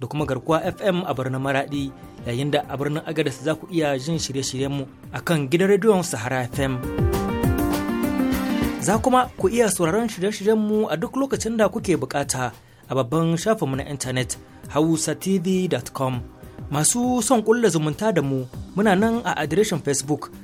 da kuma garkuwa FM a birnin Maradi yayin da a birnin Agadez za ku iya jin shirye-shiryenmu a kan gidan rediyon Sahara FM. Za kuma ku iya sauraron shirye-shiryenmu a duk lokacin da kuke bukata a babban shafinmu na intanet hausatv.com. Masu son kulla zumunta da mu muna nan a adireshin Facebook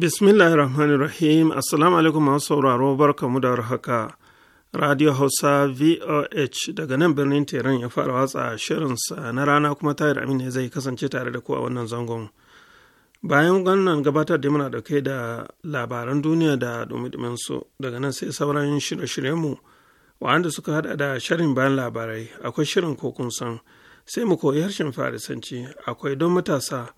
Bismillahi Rahmanir Rahim. Assalamu alaikum masu sauraro barkamu da haka. Radio Hausa VOH daga nan birnin teran ya fara watsa shirinsa na rana kuma tayar amina zai kasance tare da ku a wannan zangon. Bayan wannan gabatar da muna da kai da labaran duniya da dumi su daga nan sai sauran shirye-shiryenmu wanda suka hada da shirin bayan labarai akwai shirin ko san sai mu koyi harshen farisanci akwai don matasa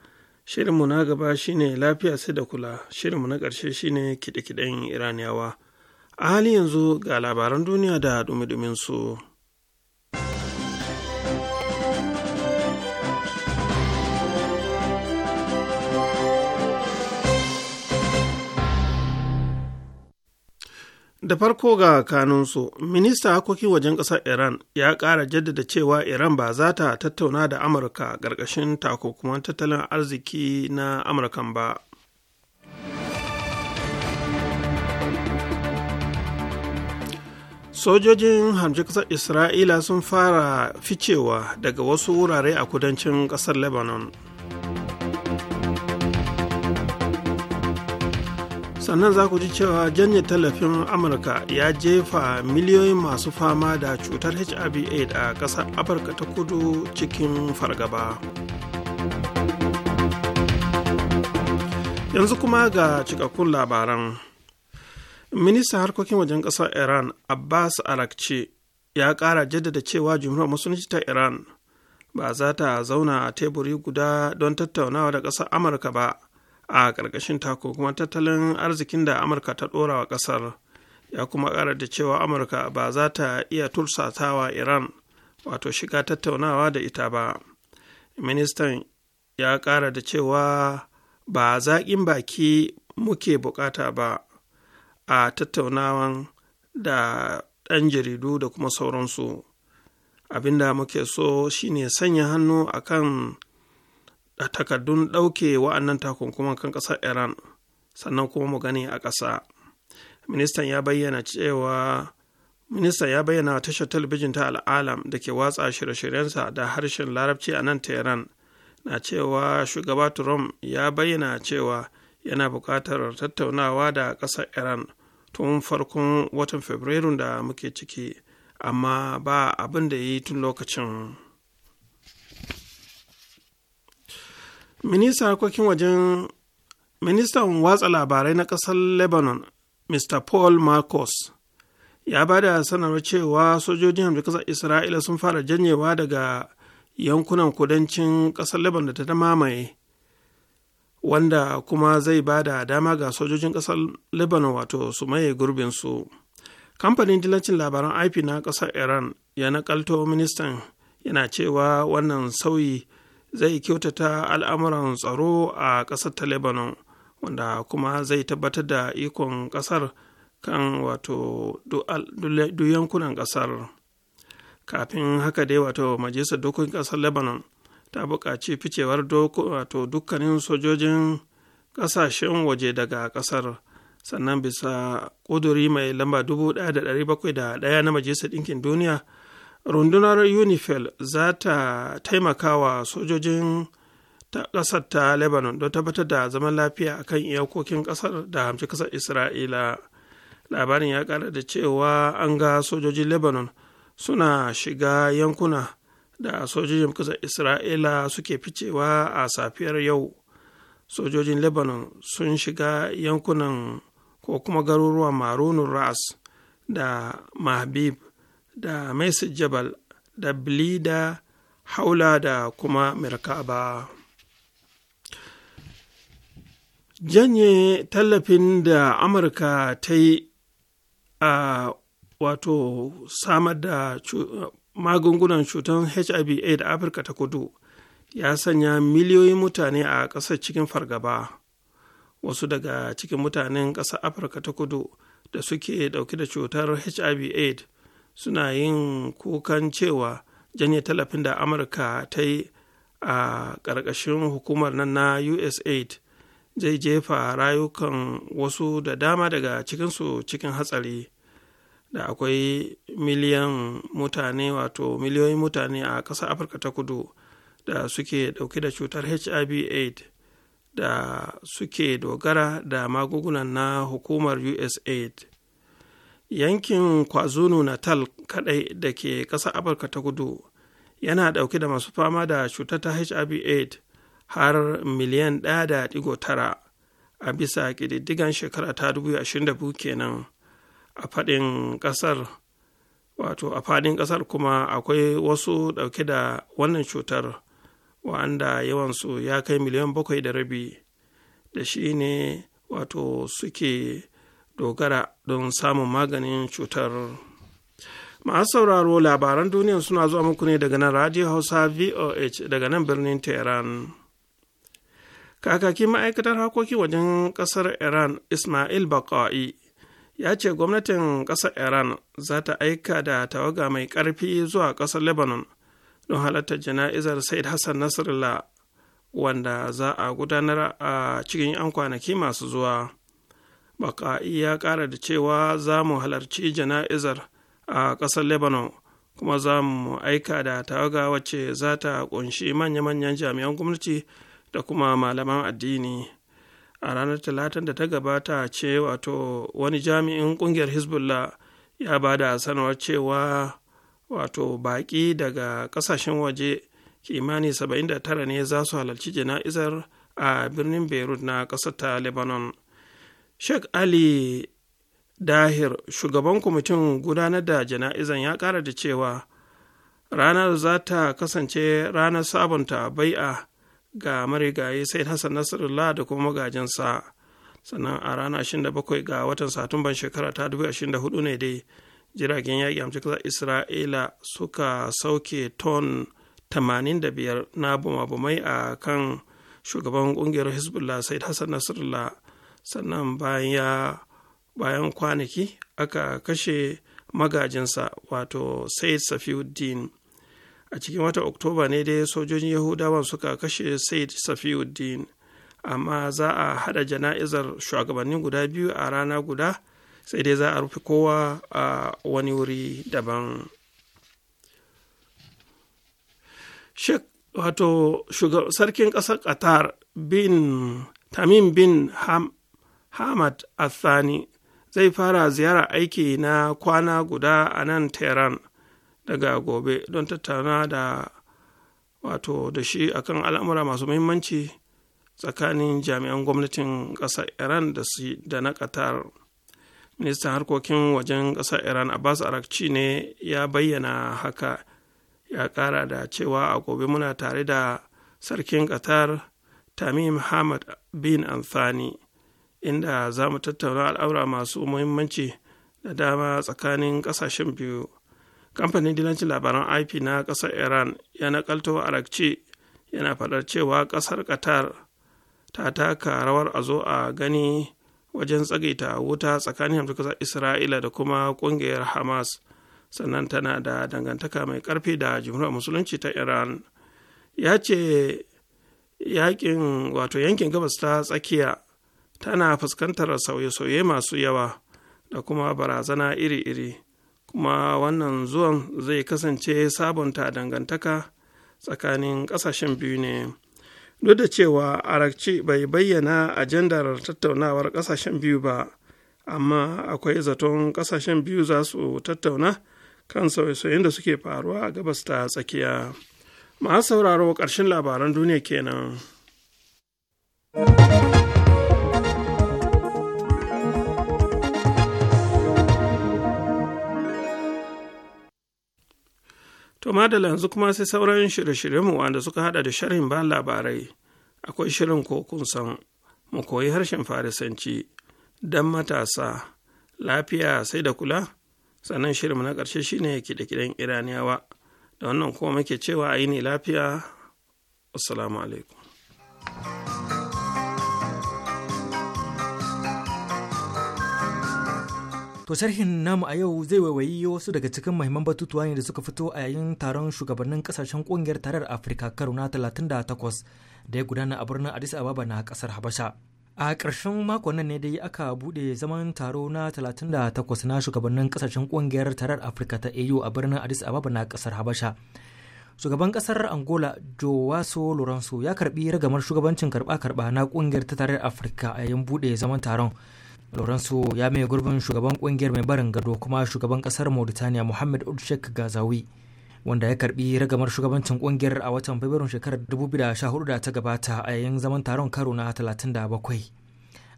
shirinmu na gaba shine lafiya sai da kula shirinmu na ƙarshe shine kiɗe-kiɗen iraniyawa a hali yanzu ga labaran duniya da dumi-duminsu. su da farko ga kanunsu minista harkokin wajen ƙasar iran ya ƙara jaddada cewa iran ba za ta tattauna da amurka ƙarƙashin takunkuman tattalin arziki na amurkan ba sojojin hamshin ƙasar isra'ila sun fara ficewa daga wasu wurare a kudancin ƙasar lebanon sannan za ku ji cewa janye tallafin amurka ya jefa miliyoyin masu fama da cutar hiv aids a ƙasar afirka ta kudu cikin fargaba yanzu kuma ga cikakkun labaran ministan harkokin wajen ƙasar iran abbas arakci ya ƙara jaddada cewa jumhuriyar musulunci ta iran ba za ta zauna a teburi guda don tattaunawa da ƙasar amurka ba a ƙarƙashin tako kuma tattalin arzikin da amurka ta ɗora wa ƙasar ya kuma ƙara da cewa amurka ba za ta iya tursatawa iran wato shiga tattaunawa da ita ba ministan ya ƙara da cewa ba zaƙin baki muke buƙata ba a tattaunawan da ɗan jaridu da kuma sauransu abinda muke so shine sanya hannu akan da takardun ɗauke wa'annan takunkuman kan ƙasar iran sannan kuma mu gani a ƙasa ministan ya bayyana cewa ministan ya bayyana tashar talabijin ta al'alam da ke watsa shirye-shiryensa da harshen larabci a nan tehran na cewa shugaba trump ya bayyana cewa yana buƙatar tattaunawa da ƙasar iran tun farkon watan fabrairun da muke ciki amma ba abin da ya yi tun lokacin ministan harkokin wajen ministan watsa labarai na ƙasar lebanon mr paul marcos ya ba da sanarwar cewa sojojin hamdu ƙasar isra'ila sun fara janyewa daga yankunan kudancin ƙasar lebanon da ta mamaye wanda kuma zai ba da dama ga sojojin ƙasar lebanon wato su maye gurbinsu kamfanin dilancin labaran ip na ƙasar iran ya nakalto ministan yana cewa wannan sauyi zai kyautata al'amuran tsaro a ƙasar ta lebanon wanda kuma zai tabbatar da ikon ƙasar kan wato yankunan ƙasar kafin haka dai wato majalisar dokokin ƙasar lebanon ta buƙaci ficewar wato dukkanin sojojin ƙasashen waje daga ƙasar sannan bisa ƙuduri mai lamba 1701 na majalisar ɗinkin duniya rundunar unifel za ta taimaka wa sojojin ta ƙasar ta lebanon don tabbatar da zaman lafiya a kan iyakokin ƙasar da hamci ƙasar isra'ila labarin ya ƙara da cewa an ga sojojin lebanon suna shiga yankuna da sojojin ƙasar isra'ila suke ficewa a safiyar yau sojojin lebanon sun shiga yankunan ko kuma garuruwan marunun ras da mahbib da mesir jabal da blida haula da kuma ba. janye tallafin da amurka ta yi a wato samar da magungunan cutar hiv da afirka ta kudu ya sanya miliyoyin mutane a ƙasar cikin fargaba wasu daga cikin mutanen ƙasar afirka ta kudu da suke ɗauke da cutar hiv suna yin kukan cewa janye tallafin da amurka ta yi a ƙarƙashin hukumar nan na usaid zai jefa rayukan wasu da dama daga cikinsu cikin hatsari da akwai miliyan mutane wato miliyoyin mutane a ƙasar afirka ta kudu da suke ɗauke da cutar hiv aid da suke dogara da magungunan na hukumar usaid yankin kwazulu natal kadai da ke ƙasar afirka ta kudu yana ɗauke da masu fama da cutar ta hiv har miliyan 1.9 a bisa ƙididdigan shekara ta 2022 kenan a faɗin ƙasar wato a faɗin ƙasar kuma akwai wasu ɗauke da wannan cutar wa'anda yawansu ya kai miliyan bakwai da rabi da shi ne wato suke dogara don samun maganin cutar masu sauraro labaran duniya suna zuwa muku ne daga nan radio hausa voh daga nan birnin tehran kakakin ma'aikatar harkoki wajen ƙasar iran ismail baka'i ya ce gwamnatin ƙasar iran za ta aika da tawaga mai ƙarfi zuwa ƙasar lebanon don halatta jana'izar said hassan nasrallah wanda za a gudanar a cikin 'yan kwanaki masu zuwa baka'i ya ƙara da cewa za mu halarci jana'izar a ƙasar lebanon kuma za mu aika da tawaga wacce za ta ƙunshi manya-manyan jami'an gwamnati da kuma malaman addini a ranar talatin da ta gabata ce wato wani jami'in ƙungiyar hezbollah ya ba da sanarwar cewa wato baƙi daga ƙasashen waje kimani 79 ne za su halarci jana'izar a birnin beirut na ƙasar ta lebanon Sheikh Ali Dahir, shugaban kwamitin gudanar da jana'izan ya ƙara da cewa ranar za ta kasance ranar sabunta bai'a ga marigayi sai Hassan Nasrullah da kuma magajinsa. Sannan a ranar 27 ga watan Satumban shekara ta 2024 ne dai jiragen yaƙi amci ka Isra'ila suka sauke ton 85 na bumabumai a kan shugaban ƙungiyar Hezbollah Said Hassan Nasrullah sannan bayan bayan kwanaki aka kashe magajinsa wato said safiuddin a cikin watan oktoba ne dai sojojin yahudawa suka kashe said safiuddin amma za a hada jana'izar shugabannin guda biyu a rana guda sai dai za a rufe kowa a wani wuri daban wato sarkin ƙasar qatar bin tamim bin ham hamad athani zai fara ziyara aiki na kwana guda a nan tehran daga gobe don tattauna da wato da shi akan al'amura masu muhimmanci tsakanin jami'an gwamnatin ƙasar iran da su da na qatar ministan harkokin wajen ƙasar iran abbas arakci ne ya bayyana haka ya ƙara da cewa a gobe muna tare da sarkin qatar tamim hamad bin anthani inda za mu tattauna al'aura masu muhimmanci da dama tsakanin ƙasashen biyu kamfanin dilancin labaran ip na ƙasar iran ya nakalto arakci yana faɗar cewa ƙasar qatar ta taka rawar a zo a gani wajen tsagaita wuta tsakanin amurka isra'ila da kuma ƙungiyar hamas sannan tana da dangantaka mai ƙarfi da jumhuriyar musulunci ta iran ya ce yakin wato yankin gabas ta tsakiya tana fuskantar sauye-sauye masu yawa da kuma barazana iri-iri kuma wannan zuwan zai kasance sabonta dangantaka tsakanin ƙasashen biyu ne duk da cewa arakci bai bayyana ajandar tattaunawar ƙasashen biyu ba amma akwai zaton ƙasashen biyu za su tattauna kan sauye-sauyen da suke faruwa a gabas ta tsakiya masu sauraro ƙarshen labaran duniya kenan. To madala yanzu kuma sai sauran shirye-shiryenmu wanda suka hada da sharhin ba labarai, akwai shirin ko kun san mu koyi harshen Farisanci don matasa lafiya sai da kula, sannan shirin na ƙarshe shine kiɗe-kiɗen Iraniyawa, da wannan kuma muke cewa a yi ne lafiya, Assalamu alaikum. To sarhin namu a yau zai waiwayi wasu daga cikin mahimman batutuwa ne da suka fito a yayin taron shugabannin kasashen kungiyar tarar Afirka karo na 38 da ya gudana a birnin Addis Ababa na kasar Habasha. A ƙarshen makon nan ne dai aka buɗe zaman taro na 38 na shugabannin kasashen kungiyar tarar Afirka ta AU a birnin Addis Ababa na kasar Habasha. Shugaban kasar Angola Jowaso Lorenzo ya karbi ragamar shugabancin karba-karba na kungiyar ta tarar Afirka a yayin buɗe zaman taron. lorenzo ya mai gurbin shugaban kungiyar mai barin gado kuma shugaban kasar mauritania muhammad ould sheikh gazawi wanda ya karbi ragamar shugabancin kungiyar a watan Fabrairu shekarar 2014 da ta gabata a yayin zaman taron karo na 37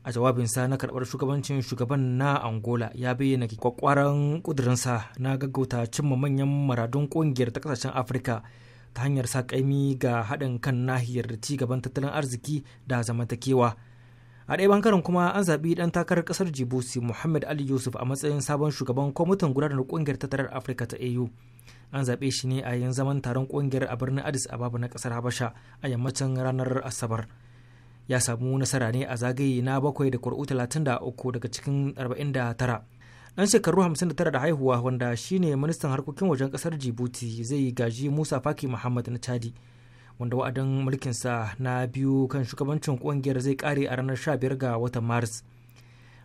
a jawabin sa na karbar shugabancin shugaban na angola ya bayyana kwakwaran kudurinsa na gaggauta cimma manyan maradun kungiyar ta kasashen afirka ta hanyar sa ga haɗin kan nahiyar ci gaban tattalin arziki da zamantakewa a ɗaya bangaren kuma an zaɓi ɗan takarar ƙasar jibuti muhammad ali yusuf a matsayin sabon shugaban kwamitin gudanar ƙungiyar tattalin afirka ta au an zaɓe shi ne a yayin zaman taron ƙungiyar a birnin addis ababa na ƙasar habasha a yammacin ranar asabar ya samu nasara ne a zagaye na bakwai da kuri'u talatin da uku daga cikin arba'in da tara ɗan shekaru hamsin da tara da haihuwa wanda shine ministan harkokin wajen ƙasar jibuti zai gaji musa faki muhammad na chadi wanda wa'adin mulkinsa na biyu kan shugabancin kungiyar zai kare a ranar 15 ga watan mars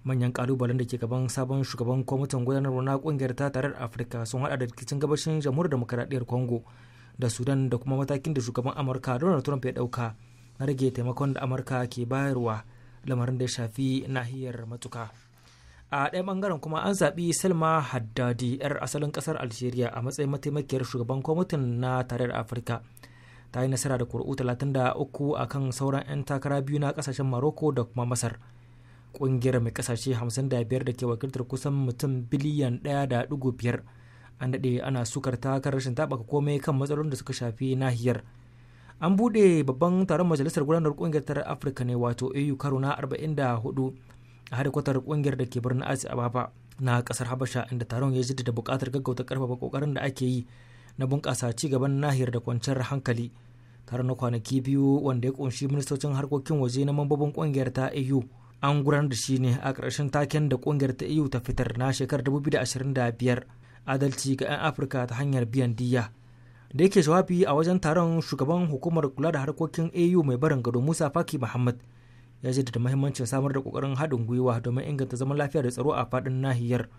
manyan kalubalen da ke gaban sabon shugaban kwamitin gudanarwa na kungiyar ta tarar afirka sun hada da rikicin gabashin jamhur demokaradiyyar congo da sudan da kuma matakin da shugaban amurka donald trump ya dauka na rage taimakon da amurka ke bayarwa lamarin da ya shafi nahiyar matuka a ɗaya bangaren kuma an zaɓi salma haddadi 'yar asalin ƙasar algeria a matsayin mataimakiyar shugaban kwamitin na tarayyar afirka ta yi nasara da kuri'u 33 a kan sauran 'yan takara biyu na kasashen maroko da kuma Masar. Ƙungiyar mai kasashe 55 da ke wakiltar kusan mutum biliyan 1.5 an daɗe ana sukar ta kan rashin taɓaka komai kan matsalolin da suka shafi nahiyar. An buɗe babban taron majalisar gudanar ƙungiyar ta Afirka ne wato AU karo na 44 a hadikwatar ƙungiyar da ke birnin asia Ababa na ƙasar Habasha inda taron ya jaddada buƙatar gaggauta ƙarfafa ƙoƙarin da ake yi na bunƙasa ci gaban nahiyar da kwanciyar hankali tare na kwanaki biyu wanda ya kunshi ministocin harkokin waje na mambobin ƙungiyar ta EU an gudanar da shi ne a ƙarshen taken da ƙungiyar ta EU ta fitar na shekarar 2025 adalci ga 'yan Afirka ta hanyar biyan diya da yake jawabi a wajen taron shugaban hukumar kula da harkokin AU mai barin gado Musa Faki Muhammad ya jaddada muhimmancin samar da kokarin haɗin gwiwa domin inganta zaman lafiya da tsaro a faɗin nahiyar.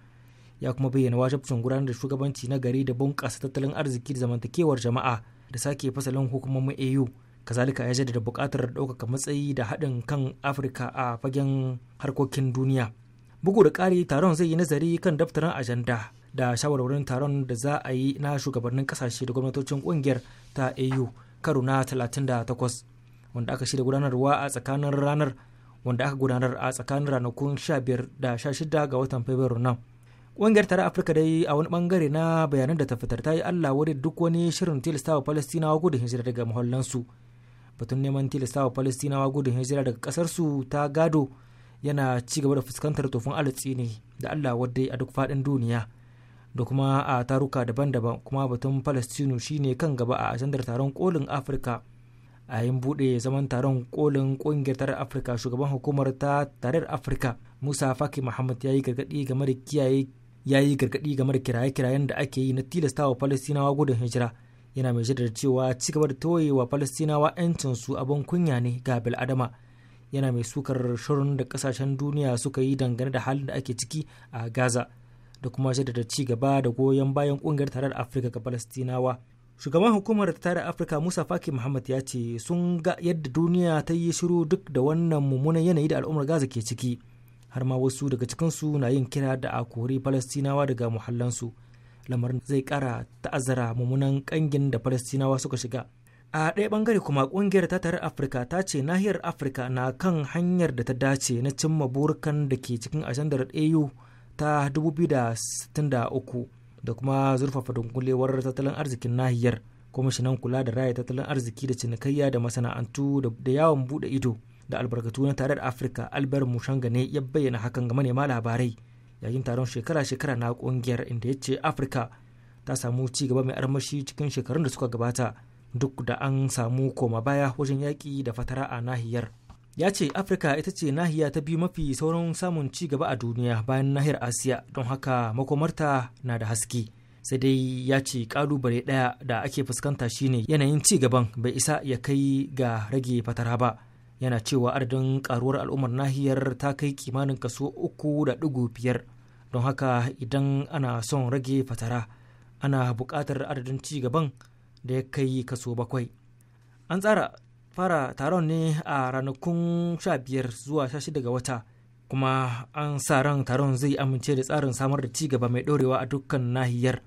ya kuma bayyana wajabcin gudanar da shugabanci na gari da bunƙasa tattalin arziki da zamantakewar jama'a da sake fasalin hukumomin au kazalika ya jaddada buƙatar ɗaukaka matsayi da haɗin kan afirka a fagen harkokin duniya bugu da ƙari taron zai yi nazari kan daftarin ajanda da shawarwarin taron da za a yi na shugabannin ƙasashe da gwamnatocin ƙungiyar ta au karo na 38 wanda aka shirya gudanarwa a tsakanin ranar wanda aka gudanar a tsakanin ranakun 15 da 16 ga watan fabrairu nan Ƙungiyar tare Afirka dai a wani bangare na bayanan da ta fitar ta yi Allah wadda duk wani shirin tilastawa Falastinawa gudun hijira daga muhallansu. Batun neman tilastawa Falastinawa gudun hijira daga ƙasarsu ta gado yana ci gaba da fuskantar tofin alatsi ne da Allah wadda a duk faɗin duniya da kuma a taruka daban-daban kuma batun Falastinu shine kan gaba a ajandar taron kolin Afirka a yin buɗe zaman taron kolin ƙungiyar tarar Afirka shugaban hukumar ta tarar Afirka Musa Faki Muhammad ya yi gargaɗi game da kiyaye ya yi gargaɗi game da kiraye-kirayen da ake yi na tilasta wa falastinawa gudun hijira yana mai jaddada cewa ci gaba da toyewa falastinawa yancin su abin kunya ne ga bil'adama yana mai sukar shirin da kasashen duniya suka yi dangane da halin da ake ciki a gaza da kuma jaddada ci gaba da goyon bayan kungiyar da afirka ga falastinawa shugaban hukumar tare afirka musa faki muhammad ya ce sun ga yadda duniya ta yi shiru duk da wannan mummunan yanayi da al'ummar gaza ke ciki har ma wasu daga cikinsu na yin kira da a kori falastinawa daga muhallansu lamarin zai kara ta'azzara mummunan kangin da falastinawa suka shiga a ɗaya bangare kuma ƙungiyar tatar afirka ta ce nahiyar afirka na kan hanyar da ta dace na cimma burukan da ke cikin ajandar au ta 2063 da kuma zurfafa dunkulewar tattalin arzikin nahiyar kwamishinan kula da raya tattalin arziki da cinikayya da masana'antu da yawon buɗe ido da albarkatu na tare da afirka albert mushanga ne ya bayyana hakan ga manema labarai yayin taron shekara-shekara na kungiyar inda ya ce afirka ta samu ci gaba mai armashi cikin shekarun da suka gabata duk da an samu koma baya wajen yaƙi da fatara a nahiyar ya ce afirka ita ce nahiya ta biyu mafi sauran samun ci gaba a duniya bayan nahiyar asiya don haka makomarta na da haske sai dai ya ce kalubale ɗaya da ake fuskanta shine yanayin ci gaban bai isa ya kai ga rage fatara ba yana cewa adadin karuwar al'ummar nahiyar ta kai kimanin kaso uku da digo biyar don haka idan ana son rage fatara ana buƙatar adadin ci gaban da ya kai kaso bakwai an tsara fara taron ne a ranakun sha biyar zuwa shida ga wata kuma an sa ran taron zai amince da tsarin samar da ci gaba mai ɗorewa a dukkan nahiyar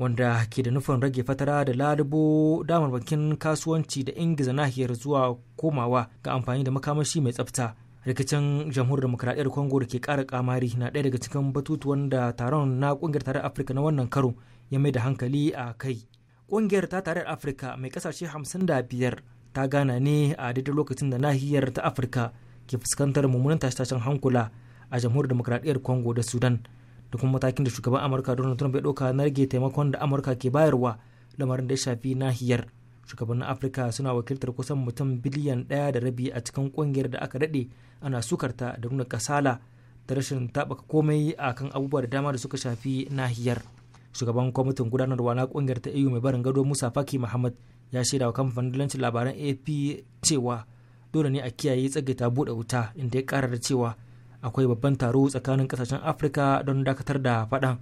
wanda ke da nufin rage fatara da lalubo damar bankin kasuwanci da ingiza nahiyar zuwa komawa ga amfani da makamashi mai tsafta rikicin jamhuriyar demokradiyyar congo da ke kara kamari na ɗaya daga cikin batutuwan da taron na kungiyar tarayyar afirka na wannan karo ya mai da hankali a kai kungiyar ta tarayyar afirka mai kasashe hamsin da biyar ta gana ne a daidai lokacin da nahiyar ta afirka ke fuskantar mummunan tashe-tashen hankula a jamhuriyar demokradiyyar congo da sudan da kuma matakin da shugaban amurka donald trump ya ɗauka na rage taimakon da amurka ke bayarwa lamarin da ya shafi nahiyar shugabannin afirka suna wakiltar kusan mutum biliyan ɗaya da rabi a cikin ƙungiyar da aka daɗe ana sukarta da nuna kasala da rashin taɓaka komai a kan abubuwa da dama da suka shafi nahiyar shugaban kwamitin gudanarwa na ƙungiyar ta eu mai barin gado musa faki muhammad ya shaida wa kamfanin dalancin labaran ap cewa dole ne a kiyaye tsagaita buɗe wuta inda ya ƙara da cewa akwai babban taro tsakanin kasashen afirka don dakatar da faɗan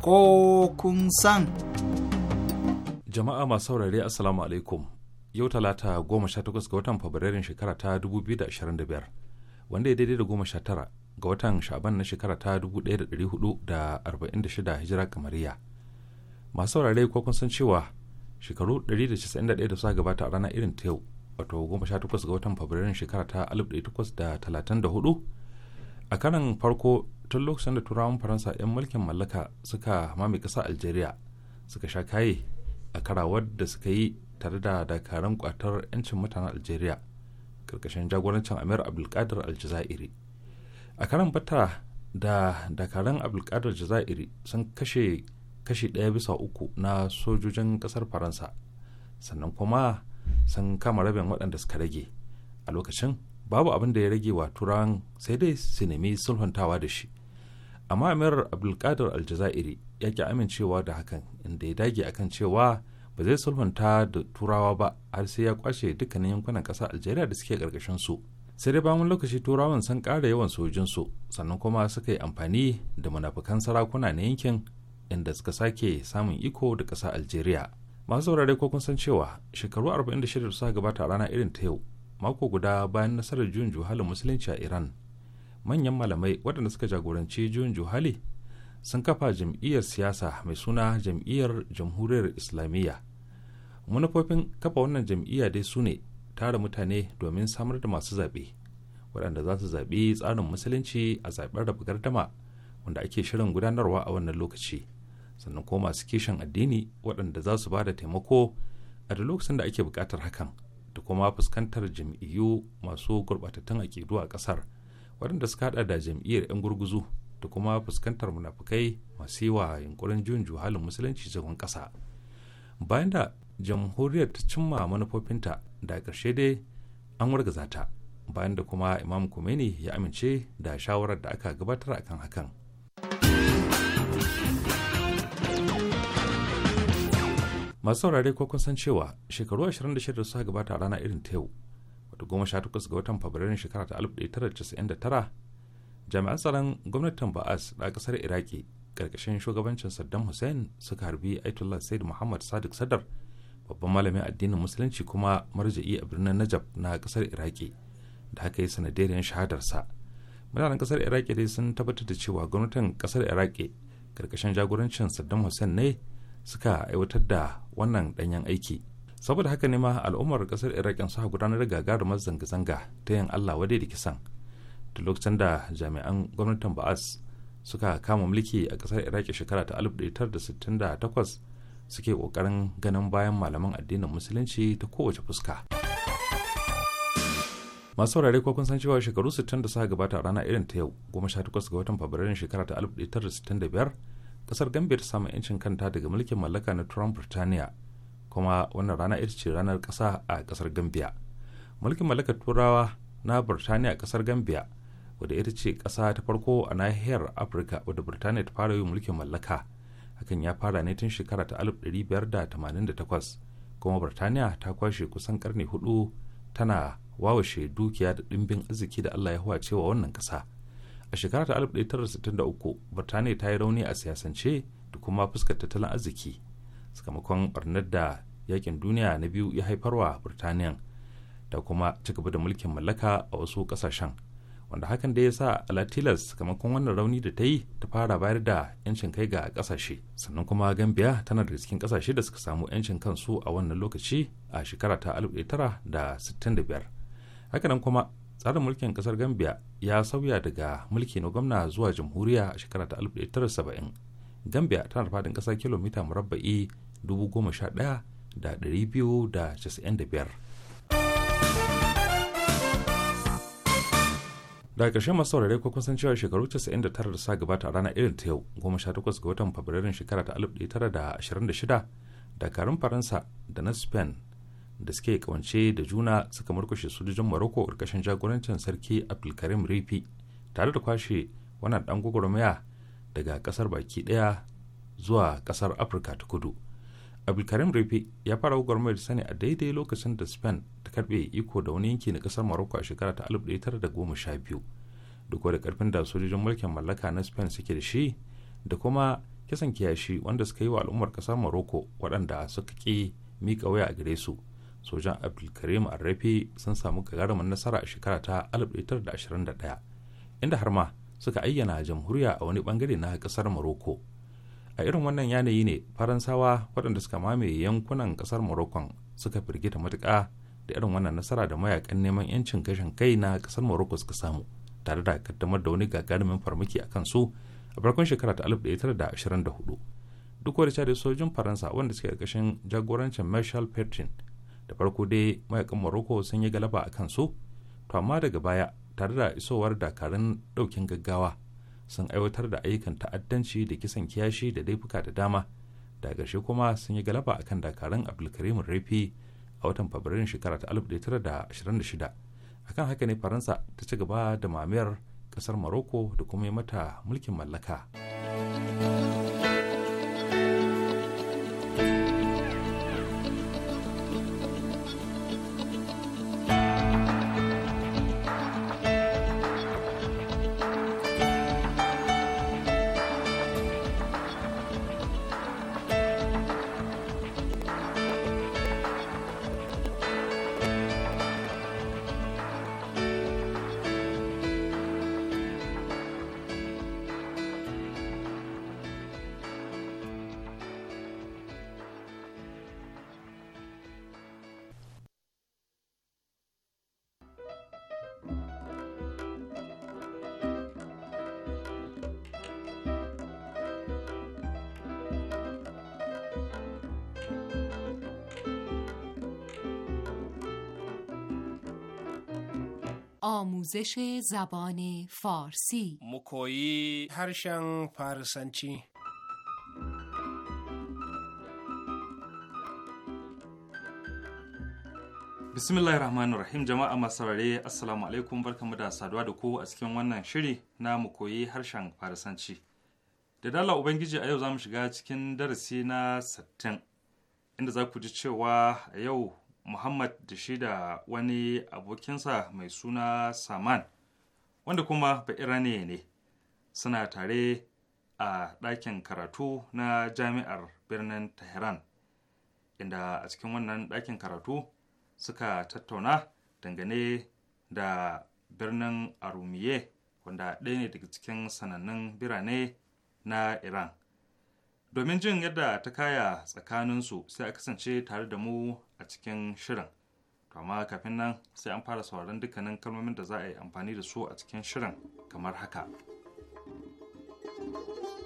ko kun san jama'a masu saurare assalamu alaikum yau talata 18 ga watan fabrairun shekara ta biyar wanda ya daidai da tara. ga watan shaban na shekara ta 1446 hijira kamariya masu saurare ko kun san cewa shekaru 191 da suka gabata a rana irin ta yau wato 18 ga watan fabrairun shekara ta 1834 a karan farko tun lokacin da turawan faransa 'yan mulkin mallaka suka mame kasa algeria suka sha kaye a karawar da suka yi tare da dakarun kwatar 'yancin mutanen algeria karkashin jagorancin amir abdulkadir aljazairi a karan bata da dakaran abdulkadir jazairi sun kashe kashi ɗaya bisa uku na sojojin ƙasar faransa sannan kuma sun kama rabin waɗanda suka rage a lokacin babu abin da ya rage wa turan sai dai su nemi sulhuntawa da shi amma amir abdulkadir aljazairi ya ki amincewa da hakan inda ya dage akan cewa ba zai sulhunta da turawa ba har sai ya kwashe dukkanin yankunan ƙasar algeria da suke ƙarƙashin su sai dai bayan lokaci turawan sun ƙara yawan sojinsu sannan kuma suka yi amfani da munafukan sarakuna na yankin inda suka sake samun iko da ƙasa algeria masu saurare ko kun san cewa shekaru 46 suka gabata rana irin ta yau mako guda bayan nasarar juyin juhalin musulunci a iran manyan malamai waɗanda suka jagoranci juyin juhali sun kafa jam'iyyar siyasa mai suna jam'iyyar jamhuriyar islamiyya manufofin kafa wannan jam'iyya dai su ne tara mutane domin samar da masu zaɓe waɗanda za su zaɓi tsarin musulunci a zaɓen rabu gardama wanda ake shirin gudanarwa a wannan lokaci sannan ko masu kishin addini waɗanda za su ba da taimako a da lokacin da ake buƙatar hakan da kuma fuskantar jam'iyyu masu gurɓatattun aƙidu a ƙasar waɗanda suka haɗa da jam'iyyar 'yan gurguzu da kuma fuskantar munafukai masu yi wa yunkurin juyin juhalin musulunci cikin ƙasa bayan da jamhuriyar ta cimma manufofinta da ƙarshe dai an wargaza ta bayan da kuma imam Khomeini ya amince da shawarar da aka gabatar akan hakan masu saurare ko kun cewa shekaru 26 suka gabata a rana irin ta yau wato 18 ga watan fabrairun shekara ta 1999 jami'an tsaron gwamnatin ba'as da kasar iraki karkashin shugabancin saddam hussein suka harbi aitullah said muhammad sadiq sadar babban malamin addinin musulunci kuma marja'i a birnin najab na kasar iraki da haka yi sanadiyar shahadarsa mutanen kasar iraki dai sun tabbatar da cewa gwamnatin kasar iraki karkashin jagorancin saddam hussein ne suka aiwatar da wannan danyen aiki saboda haka ne ma al'ummar kasar iraki suka gudanar da gagarumar zanga-zanga ta yin allah wadai da kisan da lokacin da jami'an gwamnatin ba'as suka kama mulki a kasar iraki shekara ta 1968 suke kokarin ganin bayan malaman addinin musulunci ta kowace fuska masu saurare ko kun san cewa shekaru 60 da suka gabata a rana irin ta yau 18 ga watan fabrairun shekara ta 1965 kasar gambia ta samu yancin kanta daga mulkin mallaka na turan birtaniya kuma wannan rana ita ce ranar kasa a kasar gambia mulkin mallakar turawa na birtaniya a kasar gambia wadda ita ce kasa ta farko a nahiyar afirka wadda birtaniya ta fara yin mulkin mallaka hakan ya fara ne tun shekara ta 1588 kuma birtaniya ta kwashe kusan karni hudu tana wawashe dukiya da ɗimbin arziki da allah ya huwace wa wannan ƙasa a shekara ta 1963 birtaniya ta yi rauni a siyasance da kuma fuskar tattalin arziki sakamakon barnar da yakin duniya na biyu ya haifarwa birtaniyan da kuma ci gaba da mulkin mallaka a wasu ƙasashen wanda hakan da ya sa alatilas sakamakon wannan rauni da ta yi ta fara bayar da yancin kai ga kasashe sannan kuma gambia tana da cikin kasashe da suka samu yancin kansu a wannan lokaci a shekara ta 1965 hakanan kuma tsarin mulkin kasar gambia ya sauya daga mulki na gwamna zuwa jamhuriya a shekara ta 1970 gambia tana da fadin kasa kilomita murabba'i 11,295 daga ƙarshen masu saurare ko kun san cewa shekaru 99 da sa gabata a ranar irin ta yau 18 ga watan fabrairun shekara ta 1926 dakarun faransa da na spain da suke kawance da juna suka murkushe sojojin morocco ƙarƙashin jagorancin sarki abdulkarim rifi tare da kwashe wannan dan gwagwarmaya daga ƙasar baki ɗaya zuwa ƙasar afirka ta kudu abdulkarim rufe ya fara da sani a daidai lokacin da spain ta karbe iko da wani yanki na kasar morocco a shekara ta 1912 duk da karfin da sojojin mulkin mallaka na spain suke da shi da kuma kisan kiyashi wanda suka yi wa al'ummar kasar morocco waɗanda suka ƙi miƙa waya a gare su sojan abdulkarim arrafe sun samu gagarumin nasara a shekara ta 1921 inda har ma suka ayyana jamhuriya a wani bangare na kasar morocco a irin wannan yanayi ne faransawa waɗanda suka mamaye yankunan ƙasar morocco suka firgita matuƙa da irin wannan nasara da mayakan neman yancin gashin kai na ƙasar morocco suka samu tare da kaddamar da wani gagarumin farmaki a kansu a farkon shekara ta 1924 duk wani da sojin faransa wanda suke ƙarƙashin jagorancin marshal petrin da farko dai mayakan morocco sun yi galaba a kansu to amma daga baya tare da isowar dakarun ɗaukin gaggawa sun aiwatar da ayyukan ta'addanci da kisan kiyashi da laifuka da dama da ƙarshe kuma sun yi galaba akan dakarun abdulkarim rafi a watan fabrairun shekara ta 1926 akan haka ne faransa ta ci gaba da mamayar ƙasar maroko da kuma yi mata mulkin mallaka. آموزش زبان فارسی مکویی هرشن فارسنچی bismillah rahmanir rahim jama'a masu saurare assalamu alaikum barkamu da saduwa da ku a cikin wannan shiri na mu koyi harshen farisanci da dala ubangiji a yau za mu shiga cikin darasi na 60 inda za ku ji cewa a yau muhammad da shi da wani abokinsa mai suna saman wanda kuma ba'irane ne suna tare a ɗakin karatu na jami'ar birnin tehran inda a cikin wannan ɗakin karatu suka tattauna dangane da birnin arumiye wanda ɗaya ne daga cikin sanannun birane na iran domin jin yadda ta kaya tsakanin su sai a kasance tare da mu a cikin shirin to amma kafin nan sai an fara sauraron dukkanin kalmomin da za a yi amfani da su a cikin shirin kamar haka thank you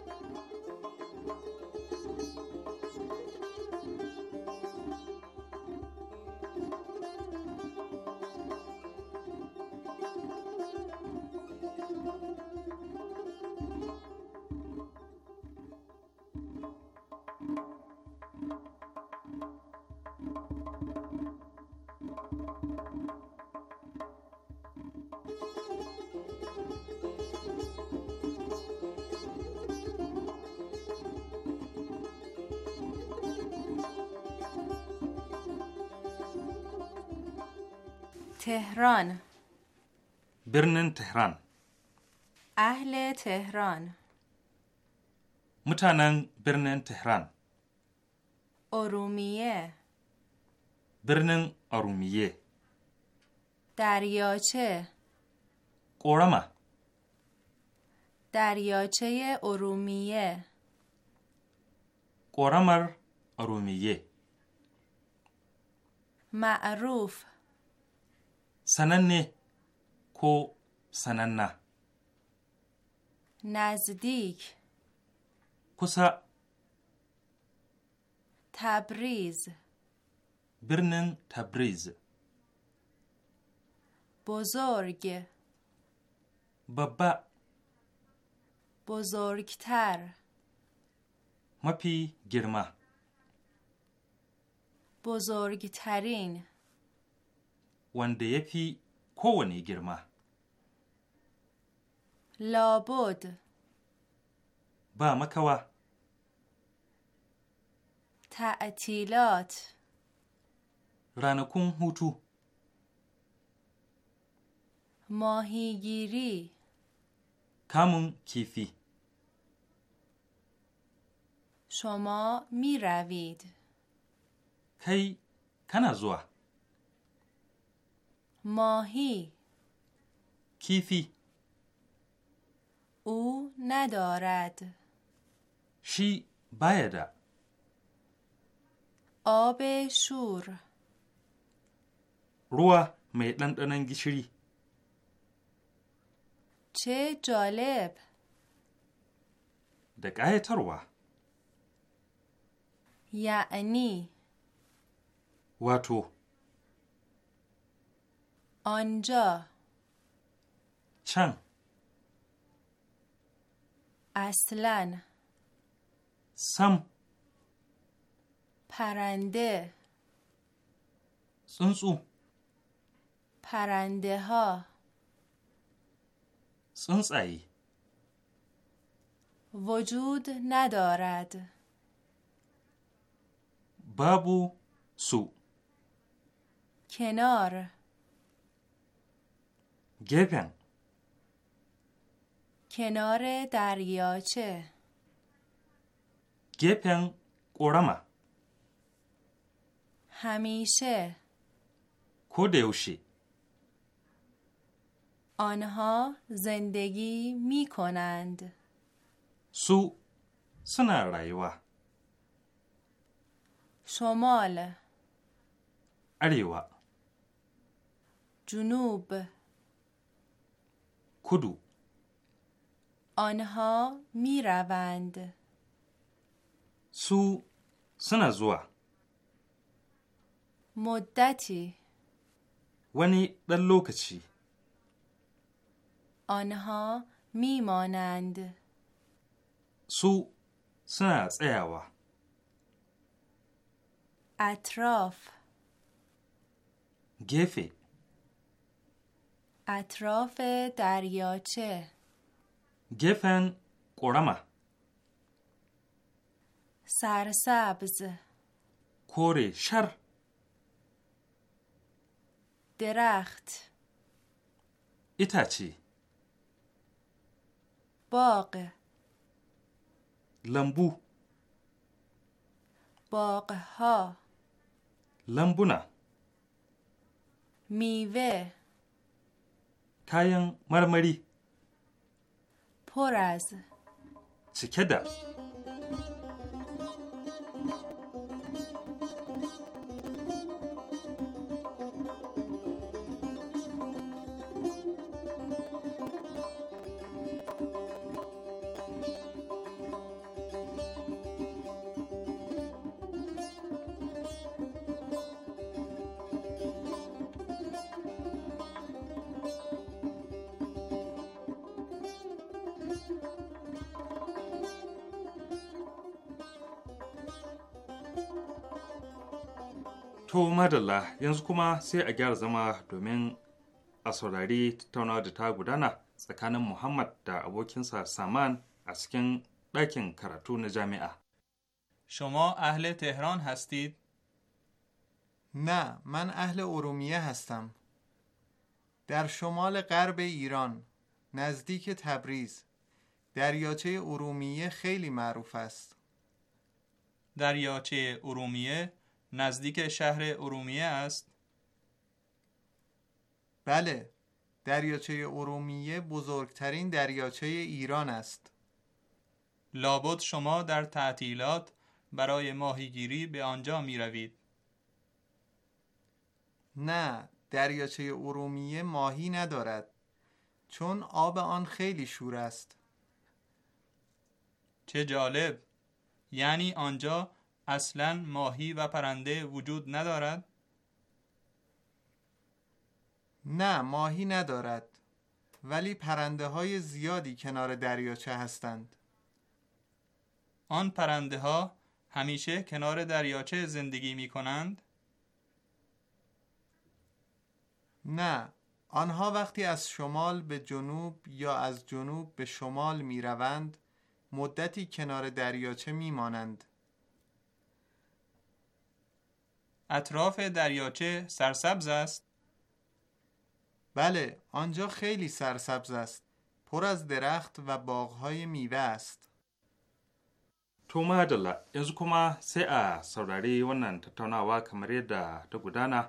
تهران برنن تهران اهل تهران متانن برنن تهران ارومیه برنن ارومیه دریاچه قرما دریاچه ارومیه قرمر ارومیه معروف sananne ko sananna nazdik kusa tabriz birnin tabriz bozorg babba bozorgtar mafi girma bozorgtarin wanda ya fi kowane girma. Labod Ba makawa. tilot. Ranakun hutu. Mahigiri. Kamun kifi. Shoma miravid. Kai, kana zuwa. ماهی کیفی او ندارد شی باید آب شور روا می دندنن شری چه جالب دقایه تروا یعنی واتو آنجا چن اصلا سم پرنده سنسو پرنده ها وجود ندارد بابو سو کنار گپن کنار دریاچه گپن قرما همیشه کودوشی آنها زندگی می کنند سو سنا شمال اریوا جنوب کدو آنها می روند سو سن زوا مدتی ونی در لوکچی آنها می مانند سو سن از ایوا اطراف گفه اطراف دریاچه گفن قرمه سرسبز کوری شر درخت ایتاچی باغ لمبو باغ ها لمبونا میوه kayan marmari. Poras. Cike da. madalla yanzu kuma sai a gyara zama domin a saurari tattaunawa da ta gudana tsakanin Muhammad da abokinsa Saman a cikin ɗakin karatu na jami'a. شما اهل تهران هستید؟ نه من اهل ارومیه هستم در شمال غرب ایران نزدیک تبریز دریاچه ارومیه خیلی معروف است دریاچه ارومیه نزدیک شهر ارومیه است؟ بله دریاچه ارومیه بزرگترین دریاچه ایران است لابد شما در تعطیلات برای ماهیگیری به آنجا می روید نه دریاچه ارومیه ماهی ندارد چون آب آن خیلی شور است چه جالب یعنی آنجا اصلا ماهی و پرنده وجود ندارد؟ نه ماهی ندارد ولی پرنده های زیادی کنار دریاچه هستند آن پرنده ها همیشه کنار دریاچه زندگی می کنند؟ نه آنها وقتی از شمال به جنوب یا از جنوب به شمال می روند مدتی کنار دریاچه می مانند اطراف دریاچه سرسبز است؟ بله، آنجا خیلی سرسبز است. پر از درخت و باغهای میوه است. To madalla yanzu kuma sai a saurari wannan tattaunawa kamar yadda ta gudana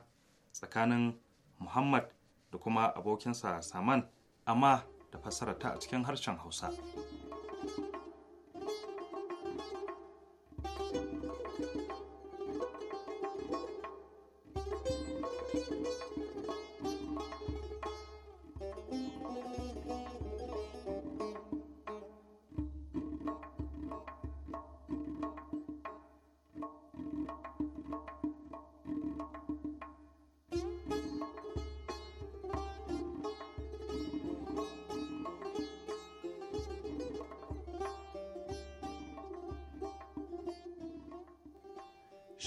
tsakanin Muhammad da kuma abokinsa Saman amma da fassarata a cikin harshen Hausa.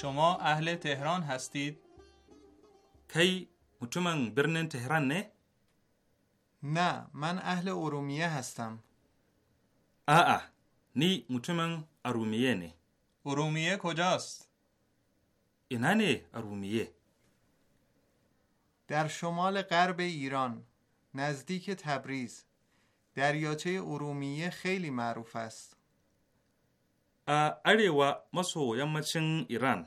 شما اهل تهران هستید؟ کی مطمئن برنن تهران نه؟ نه من اهل ارومیه هستم آه نی مطمئن ارومیه نه ارومیه کجاست؟ اینانه ارومیه در شمال غرب ایران نزدیک تبریز دریاچه ارومیه خیلی معروف است a arewa maso yammacin Iran,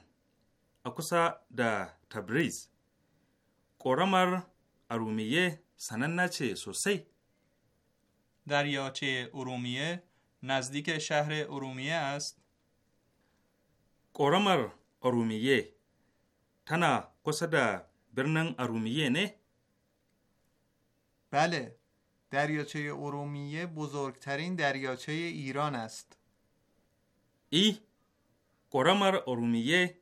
a kusa da Tabriz, ƙoramar ارومیه سنن چه سوسی دریاچه ارومیه نزدیک شهر ارومیه است قرمر ارومیه تنا قصد برنن ارومیه نه بله دریاچه ارومیه بزرگترین دریاچه ایران است ای ƙoramar ارومیه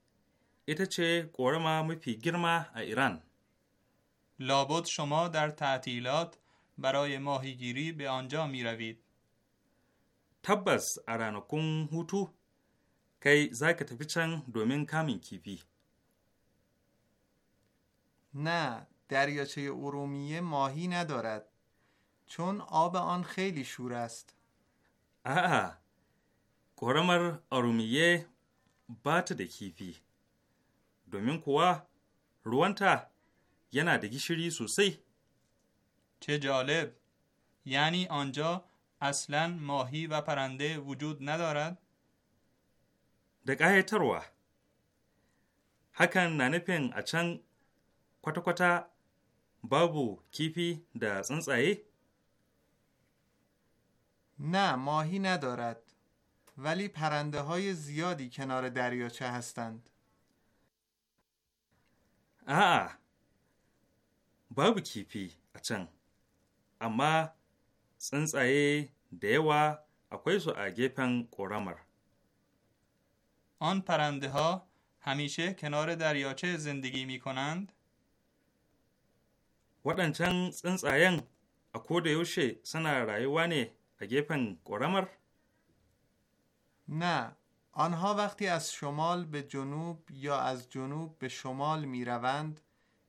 ita ce ƙorama mafi girma ایران. لابد شما در تعطیلات برای ماهیگیری به آنجا می روید. تبس a هوتو کی زاک تفی دومین دومین کامین کیفی. نه دریاچه ارومیه ماهی ندارد چون آب آن خیلی شور است. آه ƙoramar arumiye ba ta da kifi, domin kuwa ruwanta yana da gishiri sosai. چه جالب یعنی آنجا اصلا ماهی و پرنده وجود ندارد؟ da ƙayatarwa hakan na nufin a can kwata-kwata babu kifi da tsuntsaye? na mahi na dorad ولی پرنده های زیادی کنار دریاچه هستند آه بابو کیپی اچن اما سنس ای دیوا اکویسو اگه قرامر آن پرنده ها همیشه کنار دریاچه زندگی می کنند ودن چن سنس اکو دیوشه سنا رایوانه اگه قرامر نه آنها وقتی از شمال به جنوب یا از جنوب به شمال می روند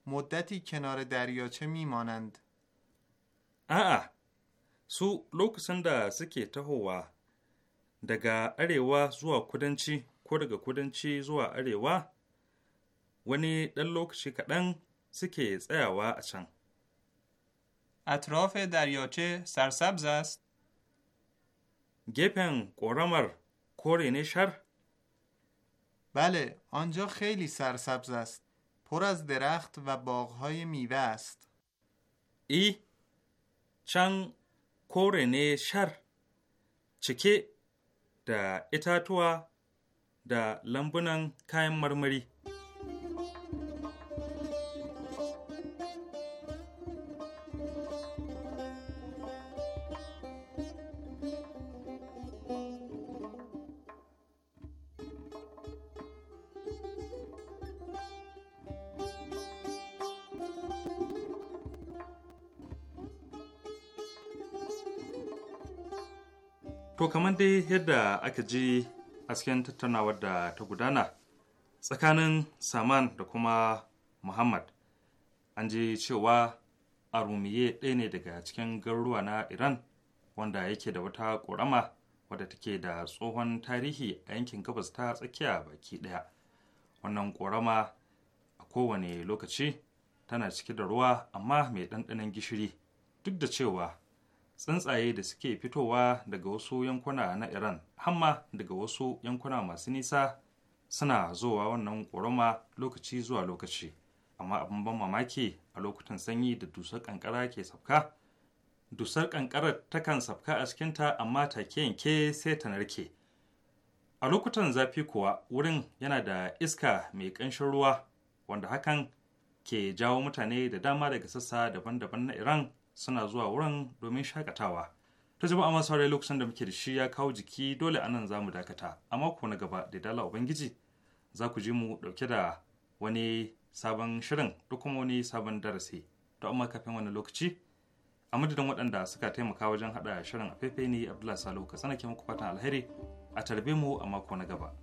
مدتی کنار دریاچه می مانند a'a su lokacin da suke tahowa daga arewa zuwa kudanci ko daga kudanci zuwa arewa wani ɗan lokaci kaɗan suke tsayawa a can اطراف دریاچه سرسبز است. گپن قرمر کره یعنی بله آنجا خیلی سرسبز است پر از درخت و باغهای میوه است ای چنگ کره یعنی شر چکه در اتاتوا در لمبونن کاین مرمری To kamar dai yadda aka ji a cikin tattaunawar da ta gudana tsakanin Saman da kuma Muhammad an ji cewa Arumiye ɗaya ne daga cikin garuruwa na Iran wanda yake da wata ƙorama wadda take da tsohon tarihi a yankin gabas ta tsakiya baki ɗaya. Wannan ƙorama a kowane lokaci tana cike da ruwa amma mai ɗanɗanon gishiri duk da cewa tsuntsaye da suke fitowa daga wasu yankuna na iran hamma daga wasu yankuna masu nisa suna zowa wannan ƙorama lokaci zuwa lokaci amma abin ban mamaki a lokutan sanyi da dusar ƙanƙara ke sabka dusar ƙanƙarar takan sabka a cikinta amma take yanke sai ta narke a lokutan zafi kuwa wurin yana da iska mai ƙanshin ruwa wanda hakan ke jawo mutane da dama daga sassa daban-daban na iran suna zuwa wurin domin shakatawa ta jama'a amma saurari lokacin da muke da shi ya kawo jiki dole anan za mu dakata a mako na gaba da dala ubangiji za ku ji mu dauke da wani sabon shirin duk kuma wani sabon darasi to amma kafin wani lokaci a madadin waɗanda suka taimaka wajen haɗa shirin a faifai ne abdullahi salo ka sanake muku fatan alheri a tarbe mu a mako na gaba.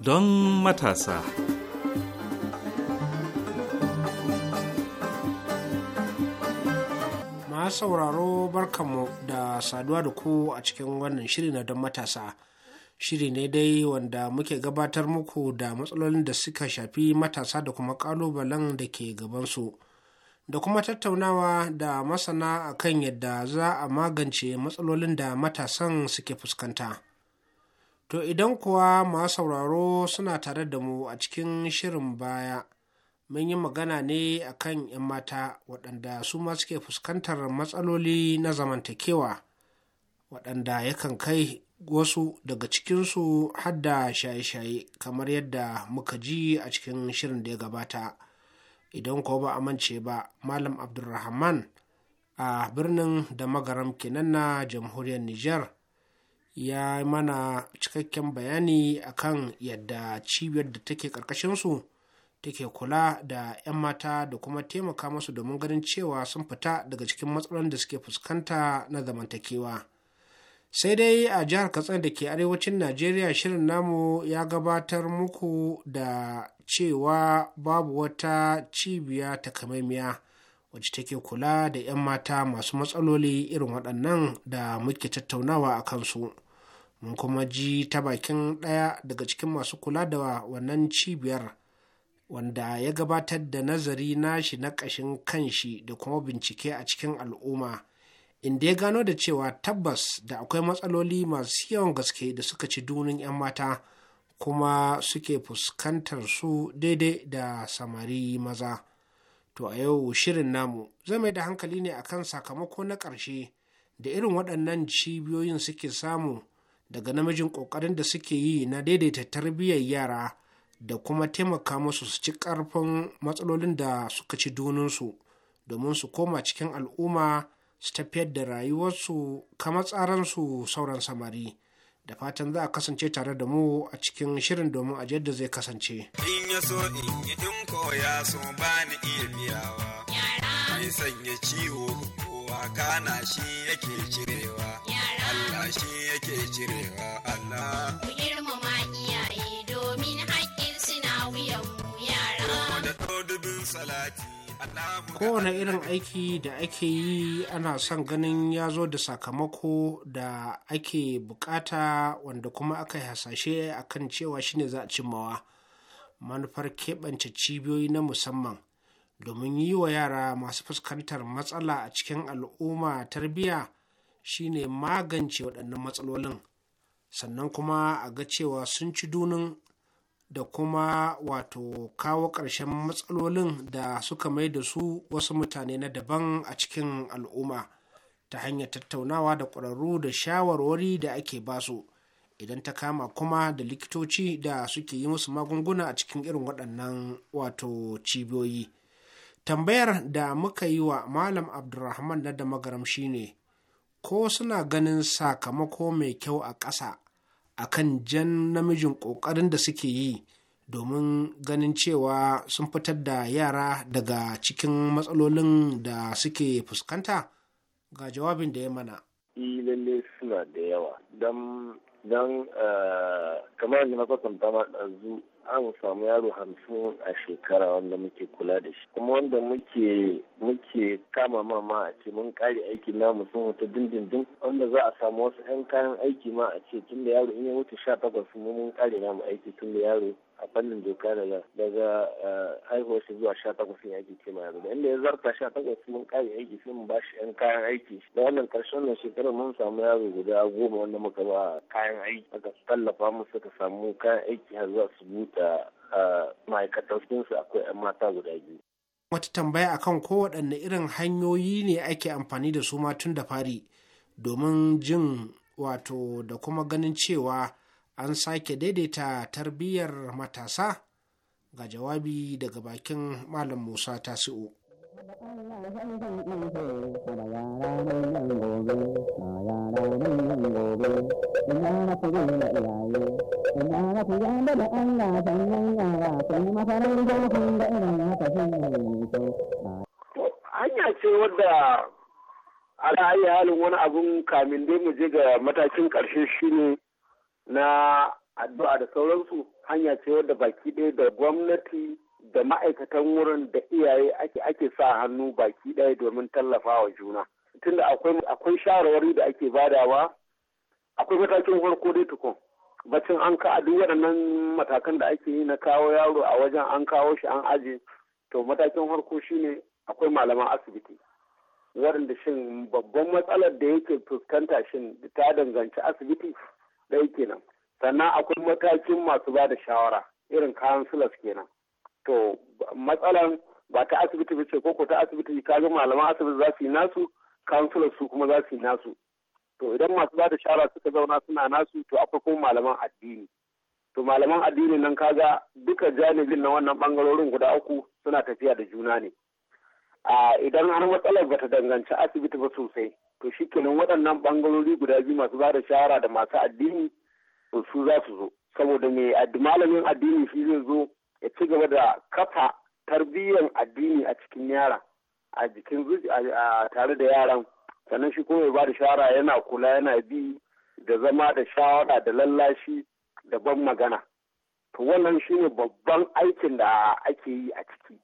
don matasa. Ma sauraro barkanmu da saduwa da ku a cikin wannan shiri na don matasa. Shiri ne dai wanda muke gabatar muku da matsalolin da suka shafi matasa da kuma ƙalubalen da ke gabansu. Da kuma tattaunawa da masana akan yadda za a magance matsalolin da matasan suke fuskanta. To idan kuwa masu sauraro suna tare da mu a cikin shirin baya, mun yi magana ne a kan 'yan mata waɗanda su ma suke fuskantar matsaloli na zamantakewa, waɗanda yakan kai wasu daga cikinsu hadda shaye-shaye kamar yadda muka ji a cikin shirin da ya gabata. Idan kuwa ba a amince ba, Malam Abdulrahman a birnin da magaram kenan na jamhuriyar Nijar. ya mana cikakken bayani akan yadda cibiyar da take ƙarƙashinsu take kula da 'yan mata da kuma taimaka masu domin ganin cewa sun fita daga cikin matsalolin da suke fuskanta na zamantakewa sai dai a jihar katsina da ke arewacin najeriya shirin namu ya gabatar muku da cewa babu wata cibiya takamaimiya wacce take kula da 'yan mata masu matsaloli irin waɗannan da muke tattaunawa a kansu mun kuma ji ta bakin ɗaya daga cikin masu kula da wannan cibiyar wanda ya gabatar da nazari nashi na ƙashin kanshi da kuma bincike a cikin al'umma inda ya gano da cewa tabbas da akwai matsaloli masu yawan gaske da suka ci dunin 'yan mata kuma suke fuskantar su daidai da samari maza. To a yau shirin namu zai mai da hankali ne a kan sakamako na ƙarshe da irin waɗannan cibiyoyin suke samu daga namijin ƙoƙarin da suke yi na daidaita tarbiyyar yara da kuma taimaka musu su ci ƙarfin matsalolin da suka ci dununsu domin su koma cikin al'umma su tafiyar da rayuwarsu kama tsaransu sauran samari. da fatan za a kasance tare da mu a cikin shirin domin a yadda zai kasance. In ya so in yi in koya so ba ni iya biyawa. Mai sanya ciwo kowa kana shi yake cirewa. Allah shi yake cirewa Allah. Ku girmama iyaye domin haƙƙin suna wuyan mu yara. Da salati. kowane irin aiki da ake yi ana son ganin ya zo da sakamako da ake bukata wanda kuma aka yi hasashe a kan cewa shine za a cimmawa manufar keɓance cibiyoyi na musamman domin yi wa yara masu fuskantar matsala a cikin al'umma tarbiyya shine magance waɗannan matsalolin sannan kuma a ga cewa sun ci dunin da kuma wato kawo ƙarshen matsalolin da suka mai da su wasu mutane na daban a cikin al'umma ta hanyar tattaunawa da ƙwararru da shawarwari da ake basu idan ta kama kuma da likitoci da suke yi musu magunguna a cikin irin waɗannan wato cibiyoyi tambayar da muka yi wa malam abdulrahman na da magaram shine ko suna ganin sakamako mai kyau a ƙasa a kan jan namijin ƙoƙarin da suke yi domin ganin cewa sun fitar da yara daga cikin matsalolin da suke fuskanta ga jawabin da ya mana. lalle suna da yawa don eh, kamar da na kwatanta ma ɗazu an samu yaro hamsin a shekara wanda muke kula da shi kuma wanda muke muke kama mama a ce mun kare aiki namu sun wuta dindindin wanda za a samu wasu 'yan kayan aiki ma a ce tun da yaro in ya wuce sha takwas mun kare namu aiki tun da yaro a fannin doka daga daga eh, haihuwar shi zuwa sha takwas ne ake ce yanzu inda ya zarta sha takwas mun kare aiki sai mu shi yan kayan aiki da wannan karshen nan shekarar mun samu yaro guda goma wanda muka ba kayan aiki aka tallafa musu suka samu kayan aiki har zuwa su buta eh, su akwai 'yan mata guda biyu. Wata tambaya akan ko waɗanne irin hanyoyi ne ake amfani da su ma tun da fari domin jin wato da kuma ganin cewa an sake daidaita tarbiyyar matasa ga jawabi daga bakin malam musa tasi'u hanya ce wadda ala'ayi halin wani abun kamin dai mu je ga matakin ƙarshe shine na addu'a da sauransu hanya ce wadda baki ɗaya da gwamnati da ma'aikatan wurin da iyaye ake sa hannu baki ɗaya domin tallafa wa juna tunda akwai akwai shawarwari da ake badawa akwai matakin farko dai tukun bacin an ka duk waɗannan matakan da ake yi na kawo yaro a wajen an kawo shi an aje to matakin farko shine akwai malaman asibiti waɗanda shin babban matsalar da yake fuskanta shin ta danganci asibiti ɗaya kenan sannan akwai matakin masu ba da shawara irin kayan sulas kenan to matsalan ba ta asibiti ba ce ko ta asibiti ka ga malaman asibiti za su yi nasu kansulan su kuma za su yi nasu to idan masu ba da shawara suka zauna suna nasu to akwai kuma malaman addini to malaman addini nan kaga duka janibin na wannan bangarorin guda uku suna tafiya da juna ne a idan har matsalar bata danganci asibiti ba sosai to shi kenan waɗannan ɓangarori guda biyu masu ba da shawara da masu addini to su za su zo saboda mai malamin addini shi zai zo ya ci gaba da kafa tarbiyyar addini a cikin yara a jikin a tare da yaran sannan shi kuma ya ba da shahara yana kula yana bi da zama da shawara da lallashi da ban magana to wannan shine babban aikin da ake yi a ciki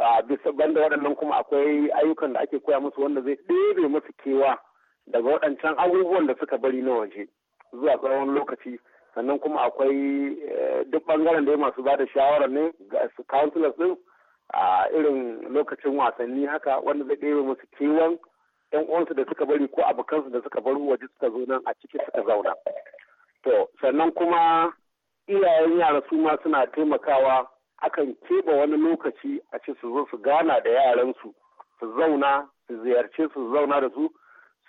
a bisa banda waɗannan kuma akwai ayyukan da ake koya musu wanda zai ɗebe musu kewa daga waɗancan abubuwan da suka bari na waje zuwa tsawon lokaci sannan kuma akwai eh, duk ɓangaren da ya masu ba da shawara ne ga su councilors ɗin a irin lokacin wasanni haka wanda zai ɗebe musu kewan yan uwansu da suka bari ko abokansu da suka bar waje suka zo nan a ciki suka zauna to sannan kuma iyayen yara su ma suna taimakawa akan keɓe wani lokaci a ce su zo su gana da yaransu su zauna su ziyarce su zauna da su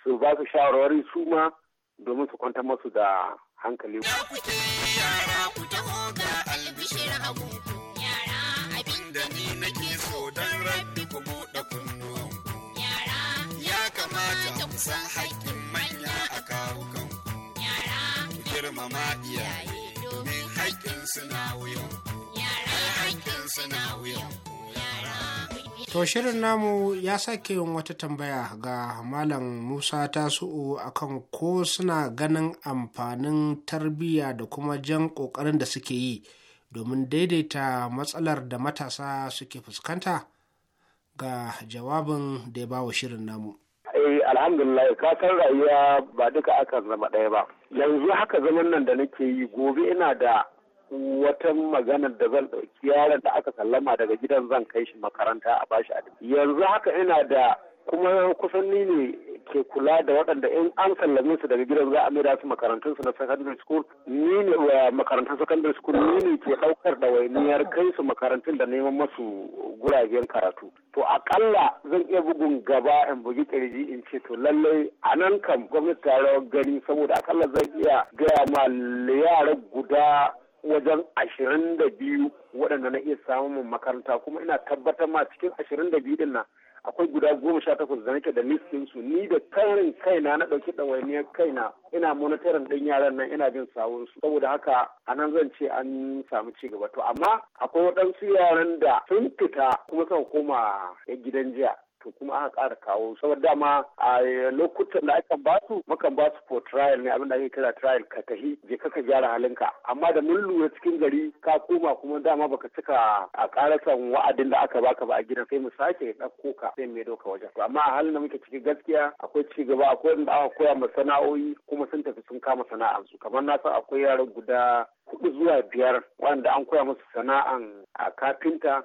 su ba su shawarwari su ma domin su kwantar masu da hankali. san haƙƙin manya a kawukan ku. Yara, ku girmama iyaye domin haƙƙin suna wuyan suna To shirin namu ya sake yin wata tambaya ga Malam Musa Tasu'u akan ko suna ganin amfanin tarbiyya da kuma jan ƙoƙarin da suke yi domin daidaita matsalar da matasa suke fuskanta ga jawabin da ya bawa shirin namu. eh alhamdulillah ka rayuwa ba duka akan zama ɗaya ba yanzu haka zaman nan da nake yi gobe ina da wata magana da zan ɗauki yaron da aka sallama daga gidan zan kai shi makaranta a bashi a yanzu haka ina da kuma kusan ni ne ke kula da waɗanda in an sallame su daga gidan za a maida su makarantun su na secondary school ni ne wa makarantun secondary school ni ne ke ɗaukar niyar kai su makarantun da neman masu guragen karatu to akalla zan iya bugun gaba in bugi ƙirji in ce to lallai a nan kam gwamnati ta rawar gani saboda akalla zan iya gaya ma yara guda wajen ashirin da biyu waɗanda na iya samun makaranta kuma ina tabbatar ma cikin ashirin da biyu dinnan akwai guda goma sha takwas da nake da ni da karin kaina na ɗauki ɗawainiyar kaina ina monitorin ɗin yaran nan ina bin sawun su saboda haka a nan zan ce an samu ci gaba to amma akwai waɗansu yaran da sun fita kuma suka koma gidan jiya to kuma aka ƙara kawo saboda dama a lokutan da aka ba su makan ba for trial ne abin da ake kira trial ka tahi je ka gyara ka. amma da mun lura cikin gari ka koma kuma dama baka cika a karasan wa'adin da aka baka ba a gidan sai mu sake ɗauko ka sai mai doka wajen to amma a halin da muke ciki gaskiya akwai ci gaba akwai wanda aka koya ma sana'o'i kuma sun tafi sun kama sana'arsu kamar na san akwai yaran guda hudu zuwa biyar wanda an koya musu sana'an a kafinta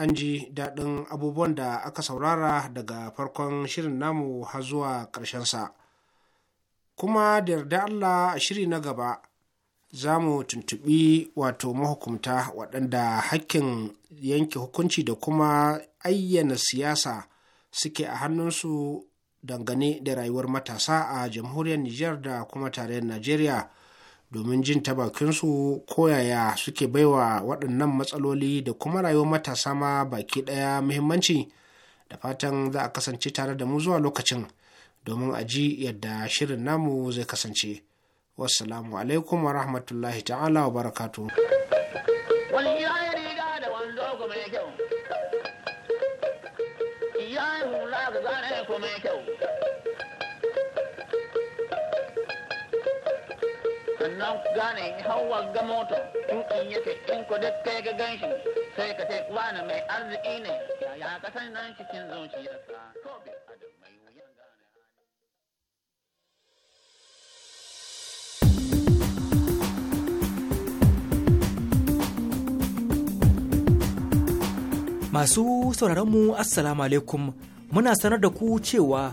an ji daɗin abubuwan da aka saurara daga farkon shirin namu har zuwa ƙarshen sa. Kuma da yarda Allah a shiri na gaba za mu tuntuɓi wato mahukumta waɗanda hakkin yanke hukunci da kuma ayyana siyasa suke a hannunsu dangane da rayuwar matasa a jamhuriyar Nijar da kuma tarayyar Najeriya. domin jin ta bakinsu koyaya suke baiwa waɗannan matsaloli da kuma rayuwar matasa ma baki ɗaya muhimmanci da fatan za a kasance tare da mu zuwa lokacin domin a ji yadda shirin namu zai kasance wassalamu alaikum wa rahmatullahi ta'ala wa barakatu Yeah. sannan gane hawa ga mota tukin yake in ko duk kai ga ganshi sai ka ce wani mai arziki ne yaya ka san nan cikin zuciyarsa ko bi wuyan Masu sauraronmu Assalamu alaikum muna sanar da ku cewa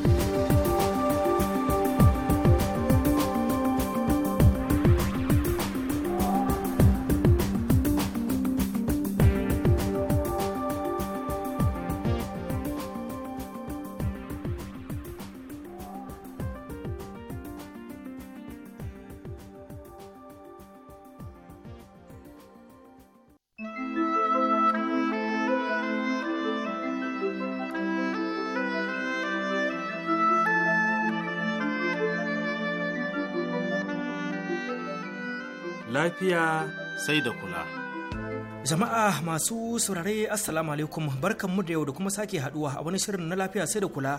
lafiya sai da kula. Jama'a masu saurare Assalamu alaikum barkanmu da yau da kuma sake haduwa a wani shirin na lafiya sai da kula.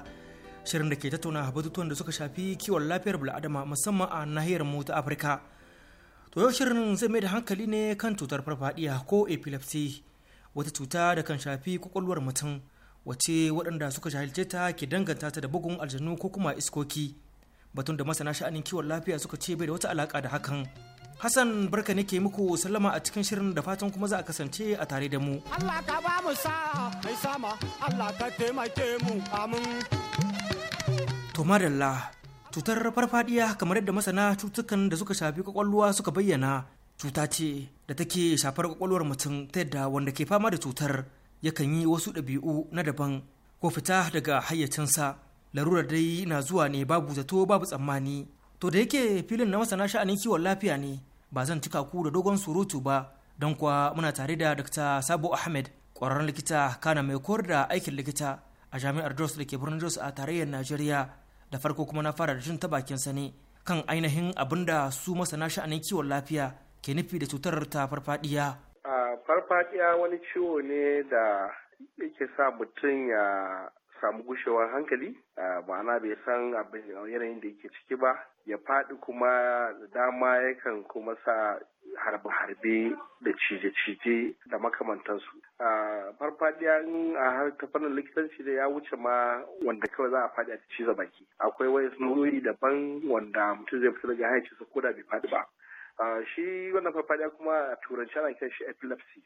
Shirin da ke tattauna batutuwan da suka shafi kiwon lafiyar bil'adama musamman a nahiyar mu ta Afirka. To yau shirin zai mai da hankali ne kan cutar farfadiya ko epilepsy wata cuta da kan shafi kwakwalwar mutum wace waɗanda suka shahilce ta ke danganta ta da bugun aljanu ko kuma iskoki. batun da masana sha'anin kiwon lafiya suka ce bai da wata alaka da hakan Hassan barka nake muku sallama a cikin shirin da fatan kuma za a kasance a tare da mu. Allah ka ba mu sa'a mai sama Allah ka taimake mu amin. To madalla cutar farfadiya kamar yadda masana cutukan da suka shafi kwakwalwa suka bayyana cuta ce da take shafar kwakwalwar mutum ta yadda wanda ke fama da cutar yakan yi wasu ɗabi'u na daban ko fita daga hayyacinsa larurar dai na zuwa ne babu zato babu tsammani To da yake filin na masana sha'anin kiwon lafiya ne ba zan cika ku da dogon surutu ba don kuwa muna tare da Dr. Sabo Ahmed ƙwararren likita kana mai koyar da aikin likita a jami'ar Jos da ke birnin Jos a tarayyar Najeriya da farko kuma na fara jin ta bakin sani kan ainihin abin da su masana sha'anin kiwon lafiya ke nufi da cutar ta farfadiya. farfadiya wani ciwo ne da yake sa mutum ya samu gushewar hankali ma'ana bai san abin yanayin da yake ciki ba ya faɗi kuma dama yakan kuma sa harbe-harbe da cije-cije da makamantansu farfadiya a har ta fannin likitanci da ya wuce ma wanda kawai za a faɗi a ciza baki akwai wani nauyi daban wanda mutum zai fita daga haici su koda bai faɗi ba shi wannan farfadiya kuma a turanci ana kiran shi epilepsy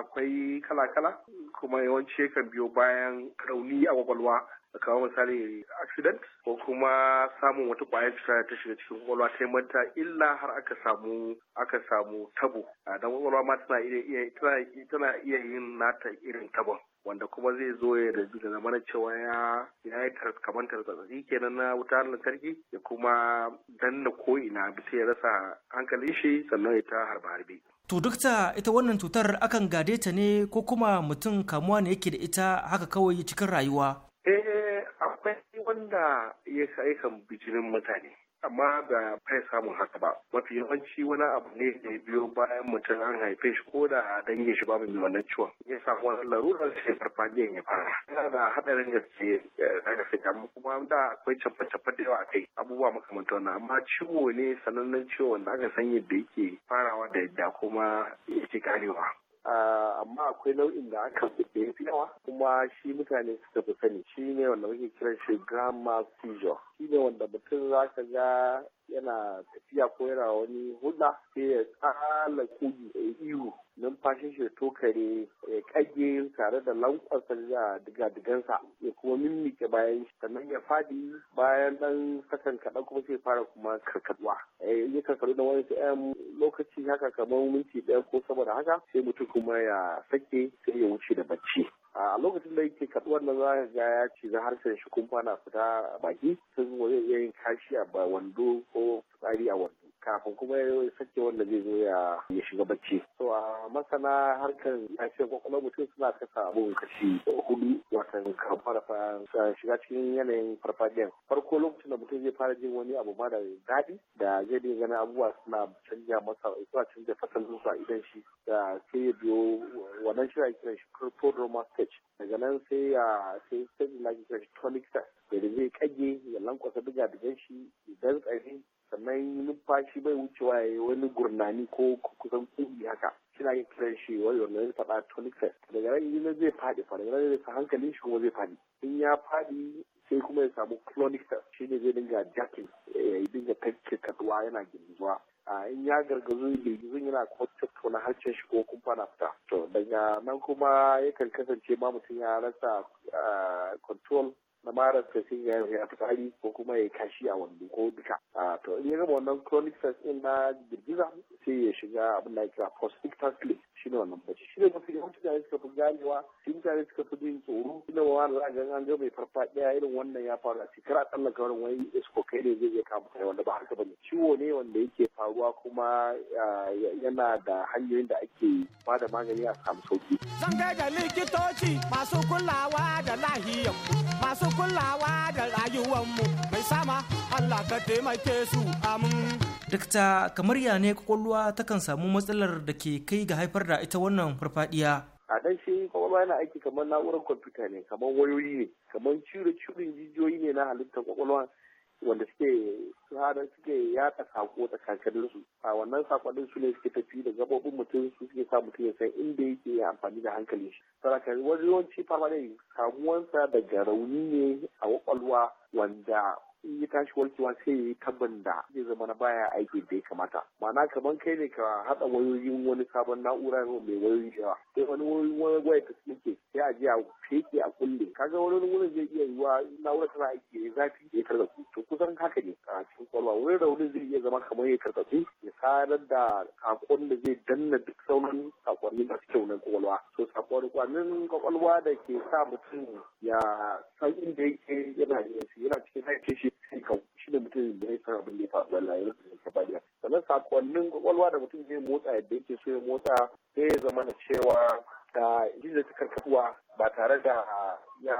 akwai kala-kala kuma yawanci kan biyo bayan rauni a kwakwalwa kamar misali accident ko kuma samun wata kwayar cuta ta shiga cikin kwakwalwa ta yi mata illa har aka samu aka samu tabo dan kwakwalwa ma iya tana iya yin nata irin tabon wanda kuma zai zo ya rabu da zamanin cewa ya ya yi kamar tarzatsatsi kenan na wutar lantarki ya kuma danna ko ina bisa ya rasa hankalin shi sannan ya ta harba harbe. To dukta ita wannan cutar akan gade ta ne ko kuma mutum kamuwa ne yake da ita haka kawai cikin rayuwa? Eh akwai wanda ya kan bijirin mutane. amma ba bai samun haka ba mafi yawanci wani abu ne da ya biyo bayan mutum an haife shi ko da dangin shi babu mai wannan ciwon ya samu wani da sai farfajiyan ya fara yana da hadarin gaske eh, daga fita kuma da akwai cafa-cafa da yawa kai abubuwa makamantar wannan amma ciwo ne sanannen ciwo wanda aka san yadda yake farawa da yadda kuma yake karewa ah, amma akwai nau'in da aka fi yawa kuma shi mutane suka fi sani shi ne wanda muke kiran shi grandma seizure shi ne wanda mutum za ka ga yana tafiya ko yana wani hulɗa sai ya tsala kogi ihu numfashin shi tokare ya kage tare da lankwasa ya diga-digansa ya kuma mimmike bayan shi sannan ya fadi bayan dan sakan kaɗan kuma sai fara kuma karkaduwa eh, ya karkaru da wani yan lokaci haka kamar minti ɗaya ko saboda haka sai mutum kuma ya sake sai ya wuce da bacci a lokacin da yake kaduwar nan za ga ya ci za harshen shi kumfa na fita baki sun zai iya kashi a wando ko fitsari a wando kafin kuma ya sake wanda zai zo ya shiga bacci so a masana harkar lafiyar kwakwalwar mutum suna kasa abun kashi hudu watan kafin shiga cikin yanayin farfadiyan farko lokacin da mutum zai fara jin wani abu ma da daɗi da zai dinga ganin abubuwa suna canja masa zuwa canja fasalinsa idan shi da sai ya biyo wannan shi ake kiran shi prodromal stage daga nan sai ya sai stage na kiran shi tonic test da zai kage ya lankwasa diga digan shi idan tsari sannan numfashi bai wucewa ya yi wani gurnani ko kusan kugi haka kina yin kiran shi wani wanda zai faɗa tonic test daga ran yi zai faɗi fa daga nan zai hankalin shi kuma zai faɗi in ya faɗi sai kuma ya samu clonic test shi ne zai dinga jakin eh, ya dinga tanke kaduwa yana girgizuwa a in ya gargazu girgizun yana kuma tattauna harshen shi ko kuma na fita to daga nan kuma yakan kasance ma mutum ya rasa ah, control na mara sai ya yi fitsari ko kuma ya kashi a wando ko duka a to in ya gama wannan chronic stress din na girgiza sai ya shiga abin da kira post-ictal sleep shi ne wannan bacci shi ne mafi yawan mutane suka fi ganewa shi mutane suka fi jin tsoro shi ne wani za a ga an ga mai farfaɗiya irin wannan ya faru a cikin a tsallaka wani wani isko kai ne zai iya kama kai wanda ba haka bane ciwo ne wanda yake faruwa kuma yana da hanyoyin da ake ba da magani a samu sauki. Zan kai da likitoci masu kulawa da lahiyar masu kulawa da rayuwanmu mai sama Allah ka taimake su amin. Dakta kamar ya ne kwakwalwa takan samu matsalar da ke kai ga haifar da ita wannan farfadiya. a dan shi kwakwalwa yana aiki kamar na'urar kwamfuta ne kamar wayoyi ne kamar cire cire jijiyoyi ne na halittar kwakwalwa wanda suke haɗar suke yaɗa sako da su a wannan sakonnin su ne suke tafi da gabobin mutum su suke sa mutum ya san inda yake amfani da hankali shi saraka wani yawanci farmanin samuwansa daga rauni ne a kwakwalwa wanda in ya tashi warkewa sai ya yi tabban da zai zama na baya aiki da ya kamata ma'ana kamar kai ne ka haɗa wayoyin wani sabon na'ura mai wayoyi da yawa sai wani wani waya ta suke sai a je a feke a kulle kaga wani wurin zai iya yiwa na'ura tana aiki ya zafi ya tarzaku to kusan haka ne a cikin kwalwa wani raunin zai iya zama kamar ya tarzaku ya sadar da kakon da zai danna duk sauran sakonni masu kyau na kwalwa to kwanin kwakwalwa da ke sa mutum ya san inda yake yana yin shi yana cikin ke shi sai ka shi da mutum da ya san abin da ya faru da layar da ya faɗi sannan sakonnin kwakwalwa da mutum zai motsa yadda yake so ya motsa sai ya zama na cewa da inda ta karkatuwa ba tare da ya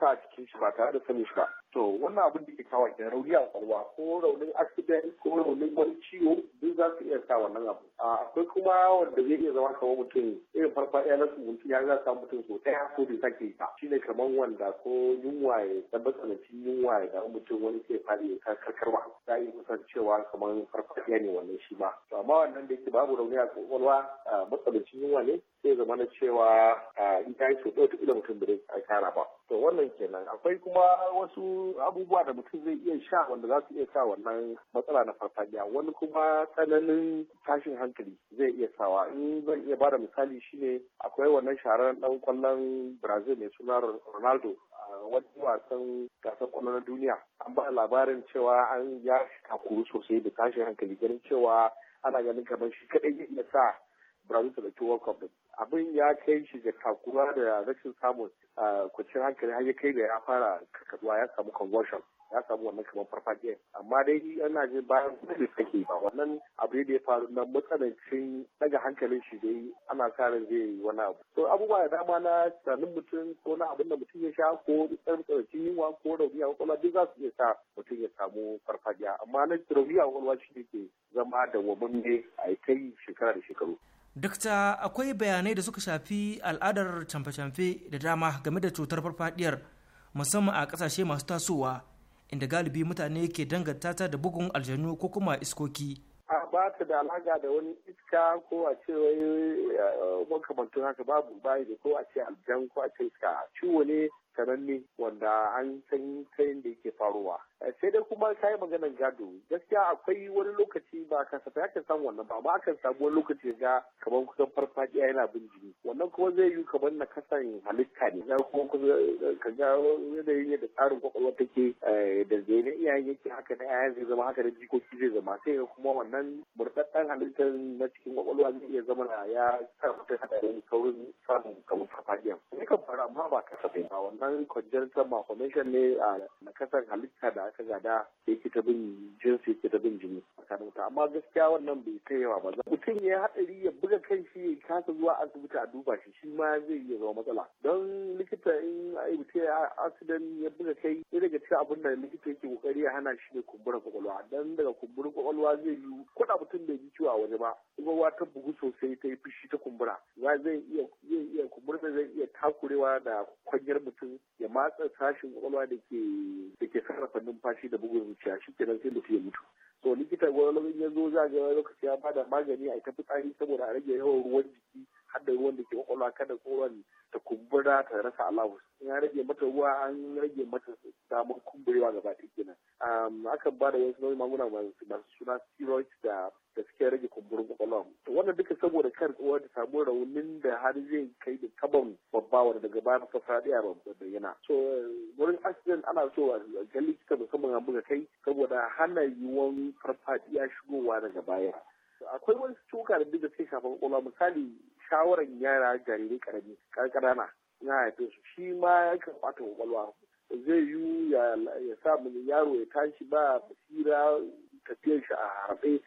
sa cikin shi ba tare da sani shi ba to wannan abin da ke kawo ke rauni a kwakwalwa ko raunin accident ko raunin wani ciwo duk za su iya sa wannan abu akwai kuma wanda zai iya zama kamar mutum irin farfaɗiya na su mutum ya za samu mutum so ɗaya ko bai sake ba ne kamar wanda ko yunwa ya da cin yunwa ya damu mutum wani ke fari ya karkarwa za yi kusan cewa kamar farfaɗiya ne wannan shi ma to amma wannan da yake babu rauni a kwakwalwa cin yunwa ne sai zama na cewa wasu abubuwa da mutum zai iya sha wanda za su iya sa wannan matsala na farfadiya wani kuma tsananin tashin hankali zai iya sawa in zan iya bada misali shine akwai wannan shahararren dan kwallon brazil mai suna ronaldo a wani wasan gasar kwallo na duniya an ba labarin cewa an ya takuru sosai da tashin hankali ganin cewa ana ganin kamar shi kadai zai iya sa brazil da ke world cup abin ya kai shi da takura da rashin samun ah, kwacin hankali har ya kai da ya fara kakaduwa ya samu conversion ya samu wannan kamar farfajiya amma dai ana jin bayan da take ba wannan abu da ya faru na matsanancin daga hankalin shi dai ana sa zai yi wani abu to abubuwa da dama na tsanin mutum ko na abin da mutum ya sha ko tsarki yunwa ko rauni a kwakwalwa duk za su iya sa mutum ya samu farfajiya amma na rauni a kwakwalwa shi ne ke zama da wabin ne a kai shekara da shekaru. dakta akwai bayanai da suka shafi al'adar camfe-camfe da dama game da cutar farfadiyar musamman a kasashe masu tasowa inda galibi mutane ke danganta ta da bugun aljanu ko kuma iskoki a ba ta da alaka da wani iska ko a ce wai eh, makamantar haka babu bayi da ko a ce aljan ko a ce iska ciwo ne sananne wanda an san kayan da yake faruwa eh, sai dai kuma ka yi maganar gado gaskiya akwai wani lokaci ba kasafai kan samu wannan ba amma akan samu wani lokaci ga kamar kusan farfaɗiya yana bin jini wannan kuma zai yi kamar na kasan halitta ne za kuma ka ga yanayin yadda tsarin kwakwalwa take eh, da zai na iyayen yake haka na iyayen zai zama haka da jikoki zai zama sai kuma wannan murɗaɗɗen halittar na cikin kwakwalwa zai iya zama na ya sa mutum haɗarin saurin samun kamar farfaɗiya. Yakan fara amma ba kasafai ba wannan kamar sama malformation ne a nakasar halitta da aka gada ya ta bin jinsi ya ta bin jini tsakanin ta amma gaskiya wannan bai kai yawa ba mutum ya haɗari ya buga kan shi ya kasa zuwa asibiti a duba shi shi ma zai iya zama matsala don likita in mutum ya accident ya buga kai sai daga cikin abin da likita yake kokari ya hana shi ne kumburin kwakwalwa dan daga kumburin kwakwalwa zai yi kuɗa mutum bai ji ciwo a waje ba kwakwalwa ta bugu sosai ta yi fushi ta kumbura zai iya kumbura zai iya takurewa da kwanyar mutum ya matsa sashin kwakwalwa da ke da ke sarrafa numfashi da bugun zuciya shi kenan sai mutum ya mutu to likita gwamnati ya zo za ga lokaci ya bada magani a tafi tsari saboda a rage yawan ruwan jiki haddai ruwan da ke kwakwalwa kada koran ta kumbura ta rasa alawus in ya rage mata ruwa an rage mata damar kumburewa gaba ɗaya kenan aka ba da wasu nau'in magunguna masu suna steroid da da suke rage kumburin kwakwalwa to wannan duka saboda kar uwa ta samu raunin da har zai kai da kaban babba wanda daga baya ta fadiya ba bayyana so wurin accident ana so a ga likita musamman a buga kai saboda hana yiwuwan farfadiya shigowa daga baya akwai wani cuka da duk da suke shafa kwakwalwa misali shawarar yara jarirai karami karkarana na haife su shi ma ya kan bata kwakwalwa zai yi ya sa yaro ya tashi ba basira tafiyar shi a harbe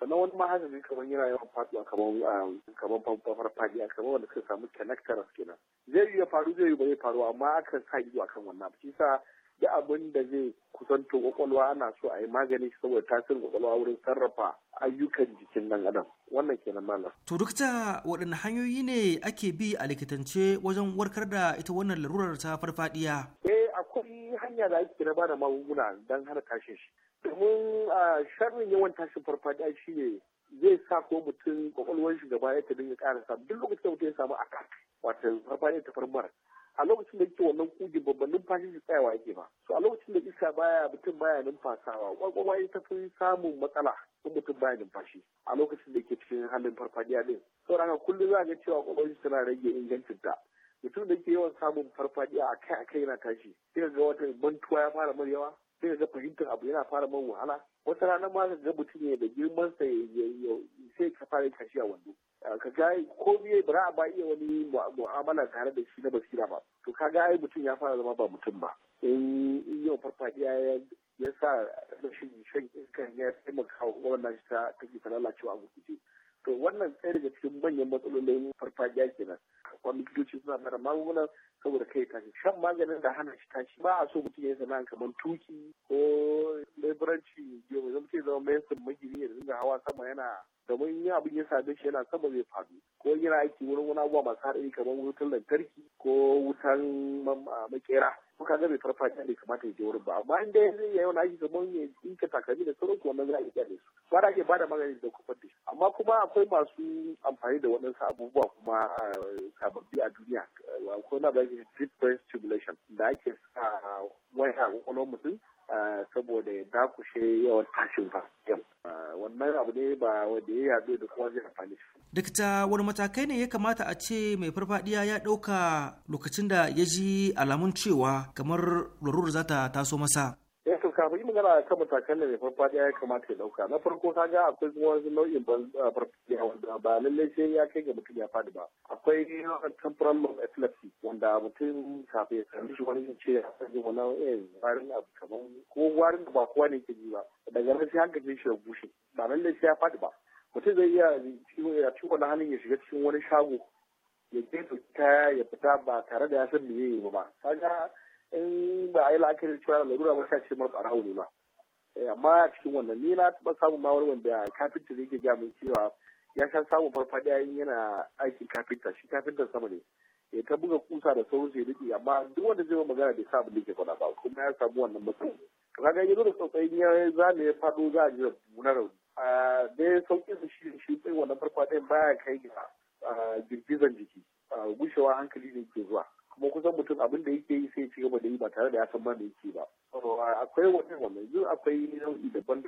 sannan wani ma haka kamar yana yawan faduwa kamar ah, kamar farfadiya kamar wanda suka samu connector kenan zai yi ya faru zai yi ba zai faru amma akan sa ido akan wannan shi sa duk abin da zai kusanto kwakwalwa ana so a yi magani saboda tasirin kwakwalwa wurin sarrafa ayyukan jikin dan adam wannan ke nan malam to dukta waɗanne hanyoyi ne ake bi a likitance wajen warkar da ita wannan larurar ta farfadiya eh akwai hanya da ake na ba da magunguna don hana tashin shi domin ah, sharrin yawan tashin farfadiya shine zai sa ko mutum kwakwalwar shi gaba ya ta dinga karasa duk lokacin da mutum ya samu attack wato farfadiya ta farmar a lokacin da yake wannan kugin babban numfashi shi tsayawa yake ba so a lokacin da iska baya mutum baya numfasawa kwakwalwa ita fi samun matsala in mutum baya numfashi a lokacin da yake cikin halin farfadiya din saboda haka kullum za ga cewa kwakwalwa tana rage ingancin ta mutum da yake yawan samun farfadiya akai akai yana tashi sai ga wata bantuwa ya fara mar yawa sai ga fahimtar abu yana fara man wahala wata rana ma ga mutum ne da girman sa sai ka fara kashi a wando ka ga ko biye ba ba iya wani mu'amala tare da shi na basira ba to ka ga mutum ya fara zama ba mutum ba in yau farfadiya ya sa rashin shan iskan ya taimaka wa wannan ta take ta lalacewa a gurguje to wannan ɗaya daga cikin manyan matsalolin farfajiya nan. wanda likitoci suna mara magunguna saboda kai tashi shan maganin da hana shi tashi ba a so mutum ya zama kamar tuki ko leburanci mai zama ce zama mai sun magiri ya dinga hawa sama yana domin yin abin ya same shi yana sama zai faɗi. ko yana aiki wurin wani abubuwa masu haɗari kamar wutan lantarki ko wutan um, makera kuka ga bai farfaɗiya ne kamata ya je wurin ba amma in ya zai yayi wani aiki kamar ya dinka takalmi da sauran wannan za a iya da su ba da ake ba da magani da kufar da amma kuma akwai masu amfani da wannan abubuwa kuma eh, sababbi a duniya akwai na bayan deep brain stimulation da ake sa waya a kwakwalwar mutum saboda ya dakushe yawan tashin farashin wannan abu ne ba wanda ya yaɗu da kuma zai amfani shi. Dakta wani matakai ne ya kamata a ce mai farfadiya ya ɗauka lokacin da ya ji alamun cewa kamar lurur za ta taso masa. ya eh, to kafin yi magana kan matakan da mai farfadiya ya kamata ya dauka na farko ka ga akwai kuma wani nau'in ah, farfadiya wanda ba lallai sai ya kai ga mutum ya fadi ba akwai temporal lobe epilepsy wanda mutum kafin ya sami shi wani ce ya sani wani eh warin abu kaman ko warin da ba kowa ne ke ji ba daga nan sai hankali shi ya bushe ba lallai sai ya fadi ba mutum zai iya ya ci wani hannun ya shiga cikin wani shago ya je ta ya fita ba tare da ya san me ya yi ba ka ga in ba a yi la'akari cewa da larura ba sai ce mara tsara ne ba eh, amma a cikin wannan ni na taɓa samun ma wani wanda kafinta zai gaya min cewa ya sha samun farfaɗiya in yana aikin kafinta shi kafinta sama ne ya ta buga kusa da sauran sai riƙe amma duk wanda zai magana bai sa abin da ke faɗa ba kuma ya samu wannan mutum to ga yanzu da tsautsayin ya ne ya faɗo za a ji na rauni a ya sauƙin su shi shi tsaye wannan farfaɗiyan baya kai ga girgizan jiki gushewa hankali ne ke zuwa kuma kusan mutum abin da yake yi sai ci gaba da yi ba tare da ya san da yake ba oh. akwai wani wanda yanzu akwai nau'i daban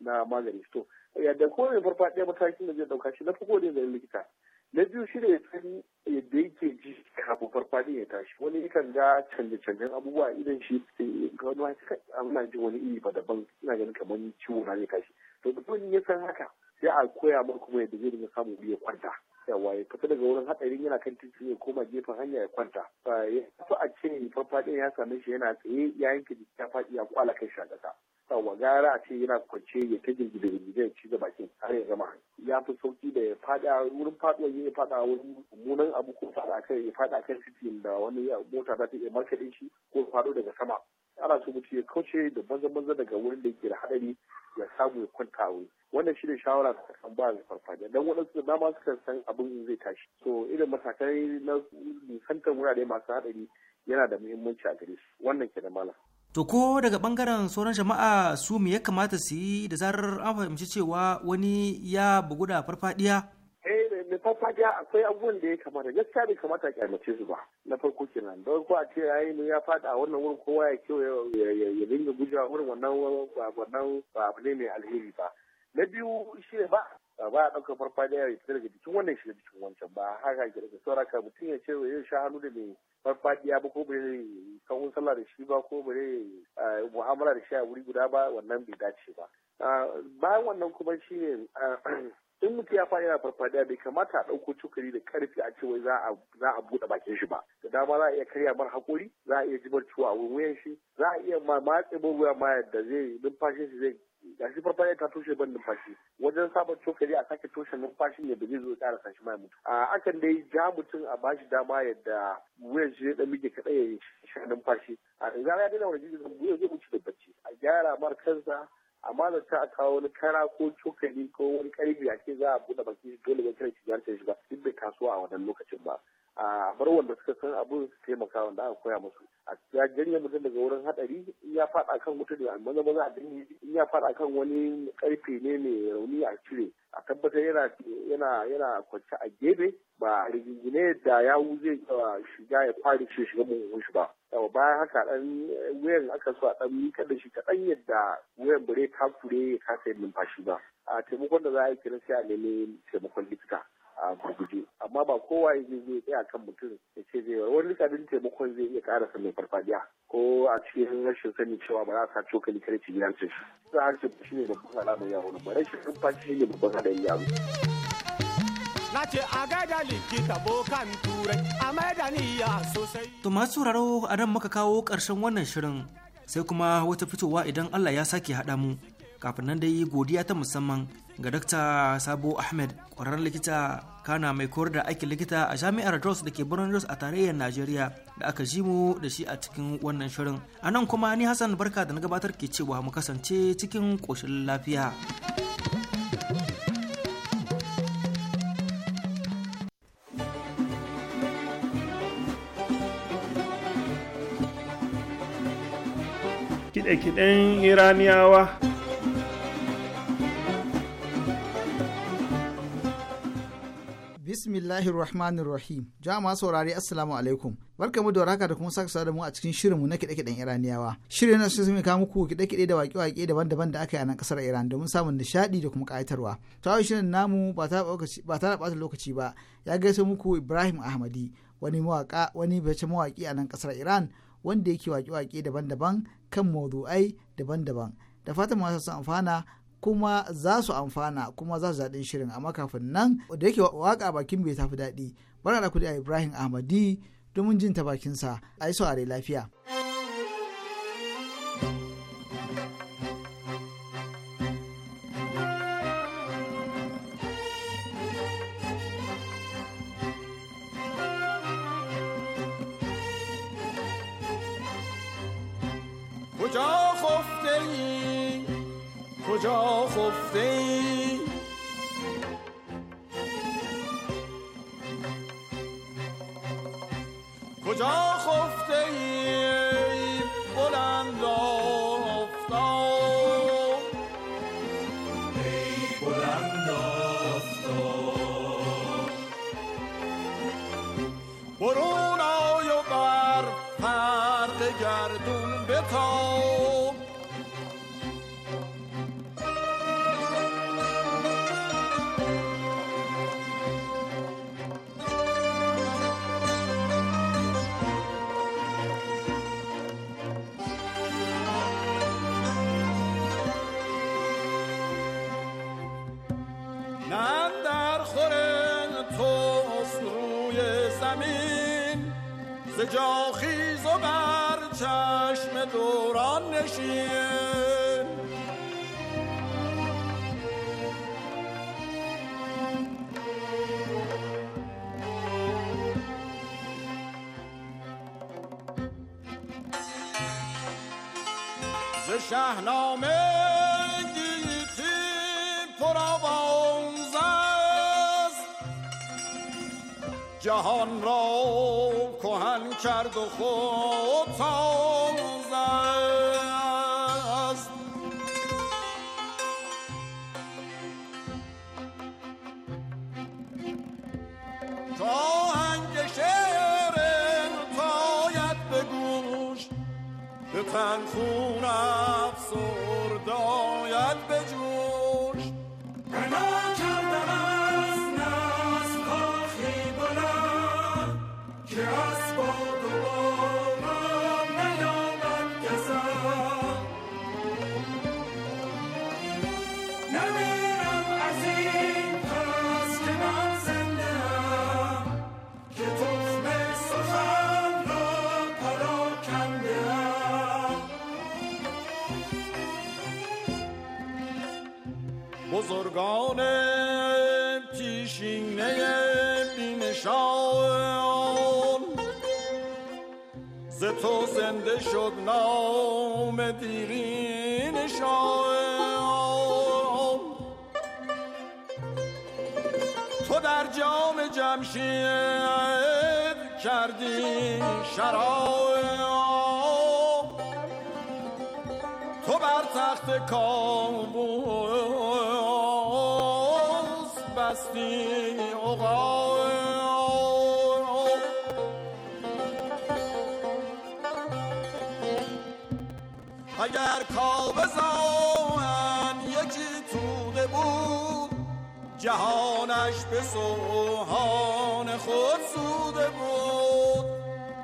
na magani to yadda kowane farfaɗiya matakin da zai ɗauka shi na farko ne zai likita na biyu shi ne ya yadda yake ji kafin farfadi ya tashi wani yakan ga canje-canjen abubuwa idan shi wani wani ana jin wani iri ba daban ina ganin kamar ciwo na ne kashi to duk wani ya san haka sai a koya maka kuma yadda zai dinga samun biyan kwanta yawa ya fita daga wurin hadarin yana kan titi ya koma gefen hanya ya kwanta ya fi a ce farfadin ya same shi yana tsaye ya yanke jiki ya faɗi ya kwala kai shi a ƙasa yawa gara a ce yana kwance ya ta girgida girgida ya ci gaba har ya zama ya fi sauki da ya faɗa wurin faɗuwa ya faɗa wurin mummunan abu ko faɗa kai ya faɗa kan titin da wani mota za ta iya markaɗe shi ko faɗo daga sama ana so mutum ya kauce da banza banza daga wurin da yake da haɗari ya samu ya kwanta a wuri wannan shi ne shawara da kan ba da farfajiya dan waɗansu da dama suka san abin zai tashi so irin matakai na nisantar wurare masu haɗari yana da muhimmanci a gare su wannan ke da malam To ko daga bangaren sauran jama'a su me ya kamata su yi da zarar an fahimci cewa wani ya bugu da farfadiya eh da farfajiya akwai abubuwan da ya kamata gaskiya bai kamata ki amince su ba na farko kenan don ko a ce yayi ne ya fada a wannan wurin kowa ya kiwo ya dinga gujewa wurin wannan wannan ba abu ne mai alheri ba na biyu shi ne ba ba a ɗaukar farfajiya ya fita daga jikin wannan shiga jikin wancan ba haka ke daga saura ka mutum ya ce ya sha hannu da mai farfajiya ba ko bai kawun sallah da shi ba ko bai eh, mu'amala da shi a wuri guda ba wannan bai dace ba ah, bayan wannan kuma shi ne in mutum ya fara yana farfadiya bai kamata a ɗauko cokali da karfi a cewa za a buɗe bakin shi ba da dama za a iya karya mar hakori za a iya jibar ciwo a wuyan shi za a iya matse ruwa ma yadda zai numfashin shi zai ga shi farfadiya ta toshe ban numfashi wajen sabon cokali a sake toshe numfashin da zai zo ya sashi mai mutu a akan dai ja mutum a bashi dama yadda wuyan shi zai ɗan miƙe kaɗai ya yi numfashi a zara ya daina wani jirgin zai wuce da bacci a gyara mar kansa amma da ta a kawo wani kara ko cokali ko wani karfi a ce za a buɗe baki dole ba kira shiga ta shiga duk bai kasuwa a wannan lokacin ba a bar wanda suka san abin su taimaka wanda aka koya musu a ya janye mutum daga wurin hadari in ya faɗa kan wuta da maza maza a dinne in ya faɗa kan wani karfe ne mai rauni a cire a tabbatar yana yana yana kwance a gebe ba rigingine da ya zai uh, shiga ya kwari shi shiga mun shi ba yawa bayan haka dan eh, wuyan aka so a dan mika da shi kadan yadda wayan bare ta fure ya kasa numfashi ba a taimakon da za a yi kira sai a nemi taimakon likita a gurguje amma ba kowa ya zai zai tsaya kan mutum ya ce zai wani likadin taimakon zai iya ƙara sanin farfadiya ko a cikin rashin sani cewa ba za a sa cokali kare ci gidan cin shi za a ce shi ne babban alamar yawon ba rashin numfashi ne babban alamar yaro. na ce a gaida likita bokan turai a niyya sosai. To masu sauraro a nan muka kawo ƙarshen wannan shirin sai kuma wata fitowa idan Allah ya sake haɗa mu. Kafin nan dai godiya ta musamman ga Dakta Sabo Ahmed ƙwararren likita kana mai koyar da aikin likita a jami'ar Jos da ke birnin Jos a tarayyar Najeriya da aka ji mu da shi a cikin wannan shirin. A nan kuma ni Hassan Barka da na gabatar ke cewa mu kasance cikin ƙoshin lafiya. kide-kiden iraniyawa bismillahir rahmanir rahim jama'a saurari assalamu alaikum barka mu da waraka da kuma sake da mu a cikin shirinmu na kiɗe kiden iraniyawa shirin na sun kawo muku kide kiɗe da waƙe-waƙe daban-daban da aka yi a nan kasar iran domin samun nishaɗi da kuma ƙayatarwa to yau shirin namu ba ta da ɓata lokaci ba ya gaiso muku ibrahim ahmadi wani mawaƙa wani bace mawaƙi a nan kasar iran wanda yake waƙe-waƙe daban-daban kan maudu'ai daban-daban da fatan masu sun amfana kuma za su amfana kuma za su daɗin shirin amma kafin nan da yake waka bakin bai tafi daɗi bara da kudi a ibrahim ahmadi domin jin ta bakinsa a yi saurare lafiya. کجا خفته ای کجا خفته ای بلند آفتاب ای بلند آفتاب برون آی و بر فرق گردون بتاب جاخیز و بر چشم دوران نشین ز شهنامه گیتی پر جهان را آهن کرد و خود زد تا هنگ شعر تاید به گوش به تن بزرگان پیشینه بینشان ز تو زنده شد نام دیرینشان تو در جام جمشید کردی شراب تو بر تخت کابو جهانش به سوهان خود سوده بود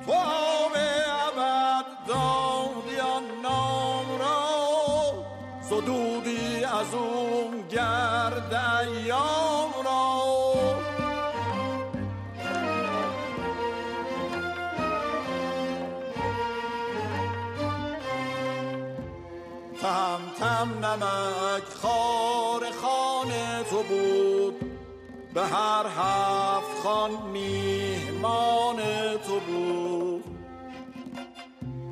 تو آب عبد دادی آن نام را زدودی از اون گرد ایام را تمتم تم نمک به هر هفت خان میهمان تو بود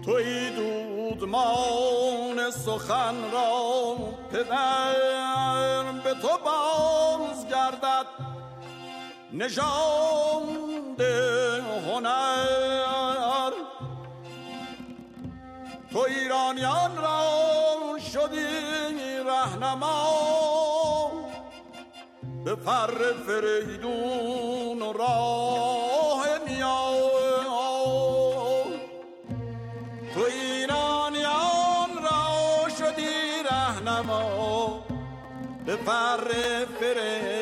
توی دودمان سخن را پدر به تو باز گردد نژاد هنر تو ایرانیان را شدی رهنما به فر فریدون و راه میان تو ایرانیان را شدی رهنما به فر فریدون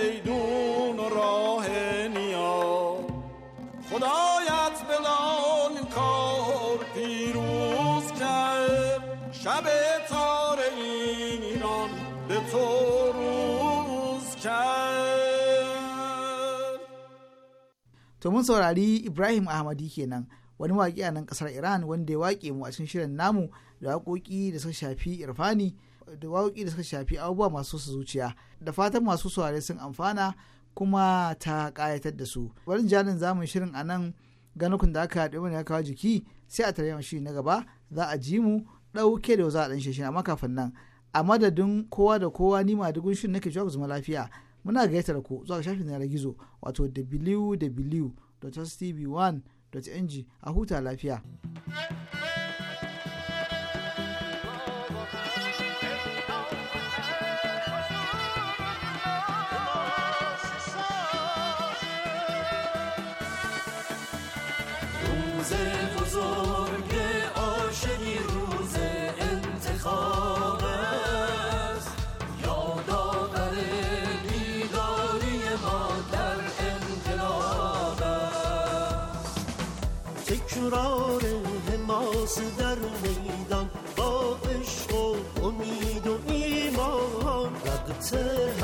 to mun saurari ibrahim ahmadi kenan wani waƙi a nan ƙasar iran wanda ya waƙe mu a cikin shirin namu da waƙoƙi da suka shafi irfani da waƙoƙi da suka shafi abubuwa masu su zuciya da fatan masu saurare sun amfana kuma ta ƙayatar da su wani janin zamun shirin a nan ganukun da aka haɗe mana ya kawo jiki sai a tarayyar shi na gaba za a ji mu ɗauke da za a ɗan shi amma kafin nan a madadin kowa da kowa ni ma dugun shirin nake jawo zama lafiya muna da ku zuwa shafin yanar gizo wato wwwstv 1ng a huta lafiya. بزرگ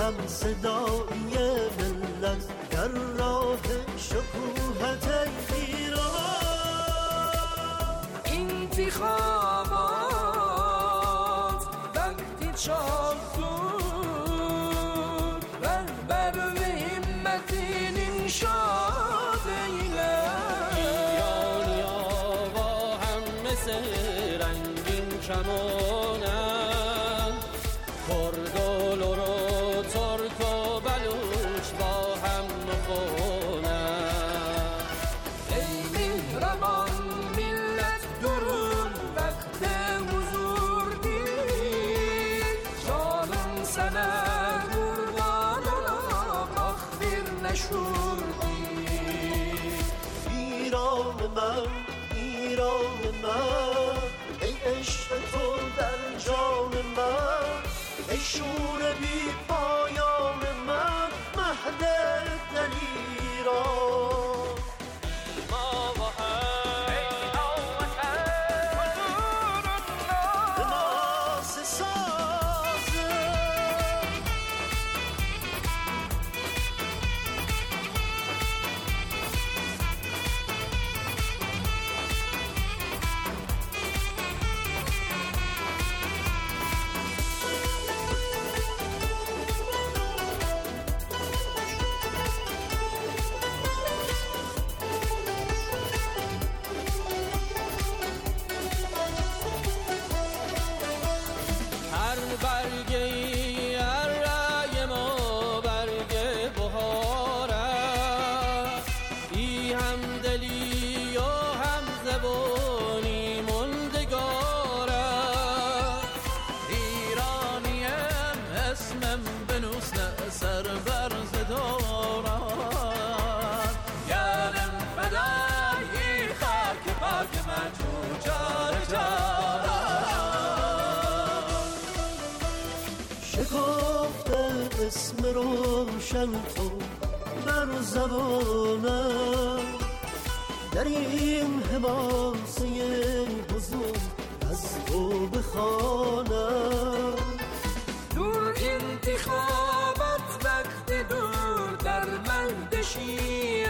هم صدای ملت در راه شکوهت ایران انتخابات وقتی چهار keep بریم حباسه حضور از تو بخوانم دور انتخابت وقت دور در من دشی.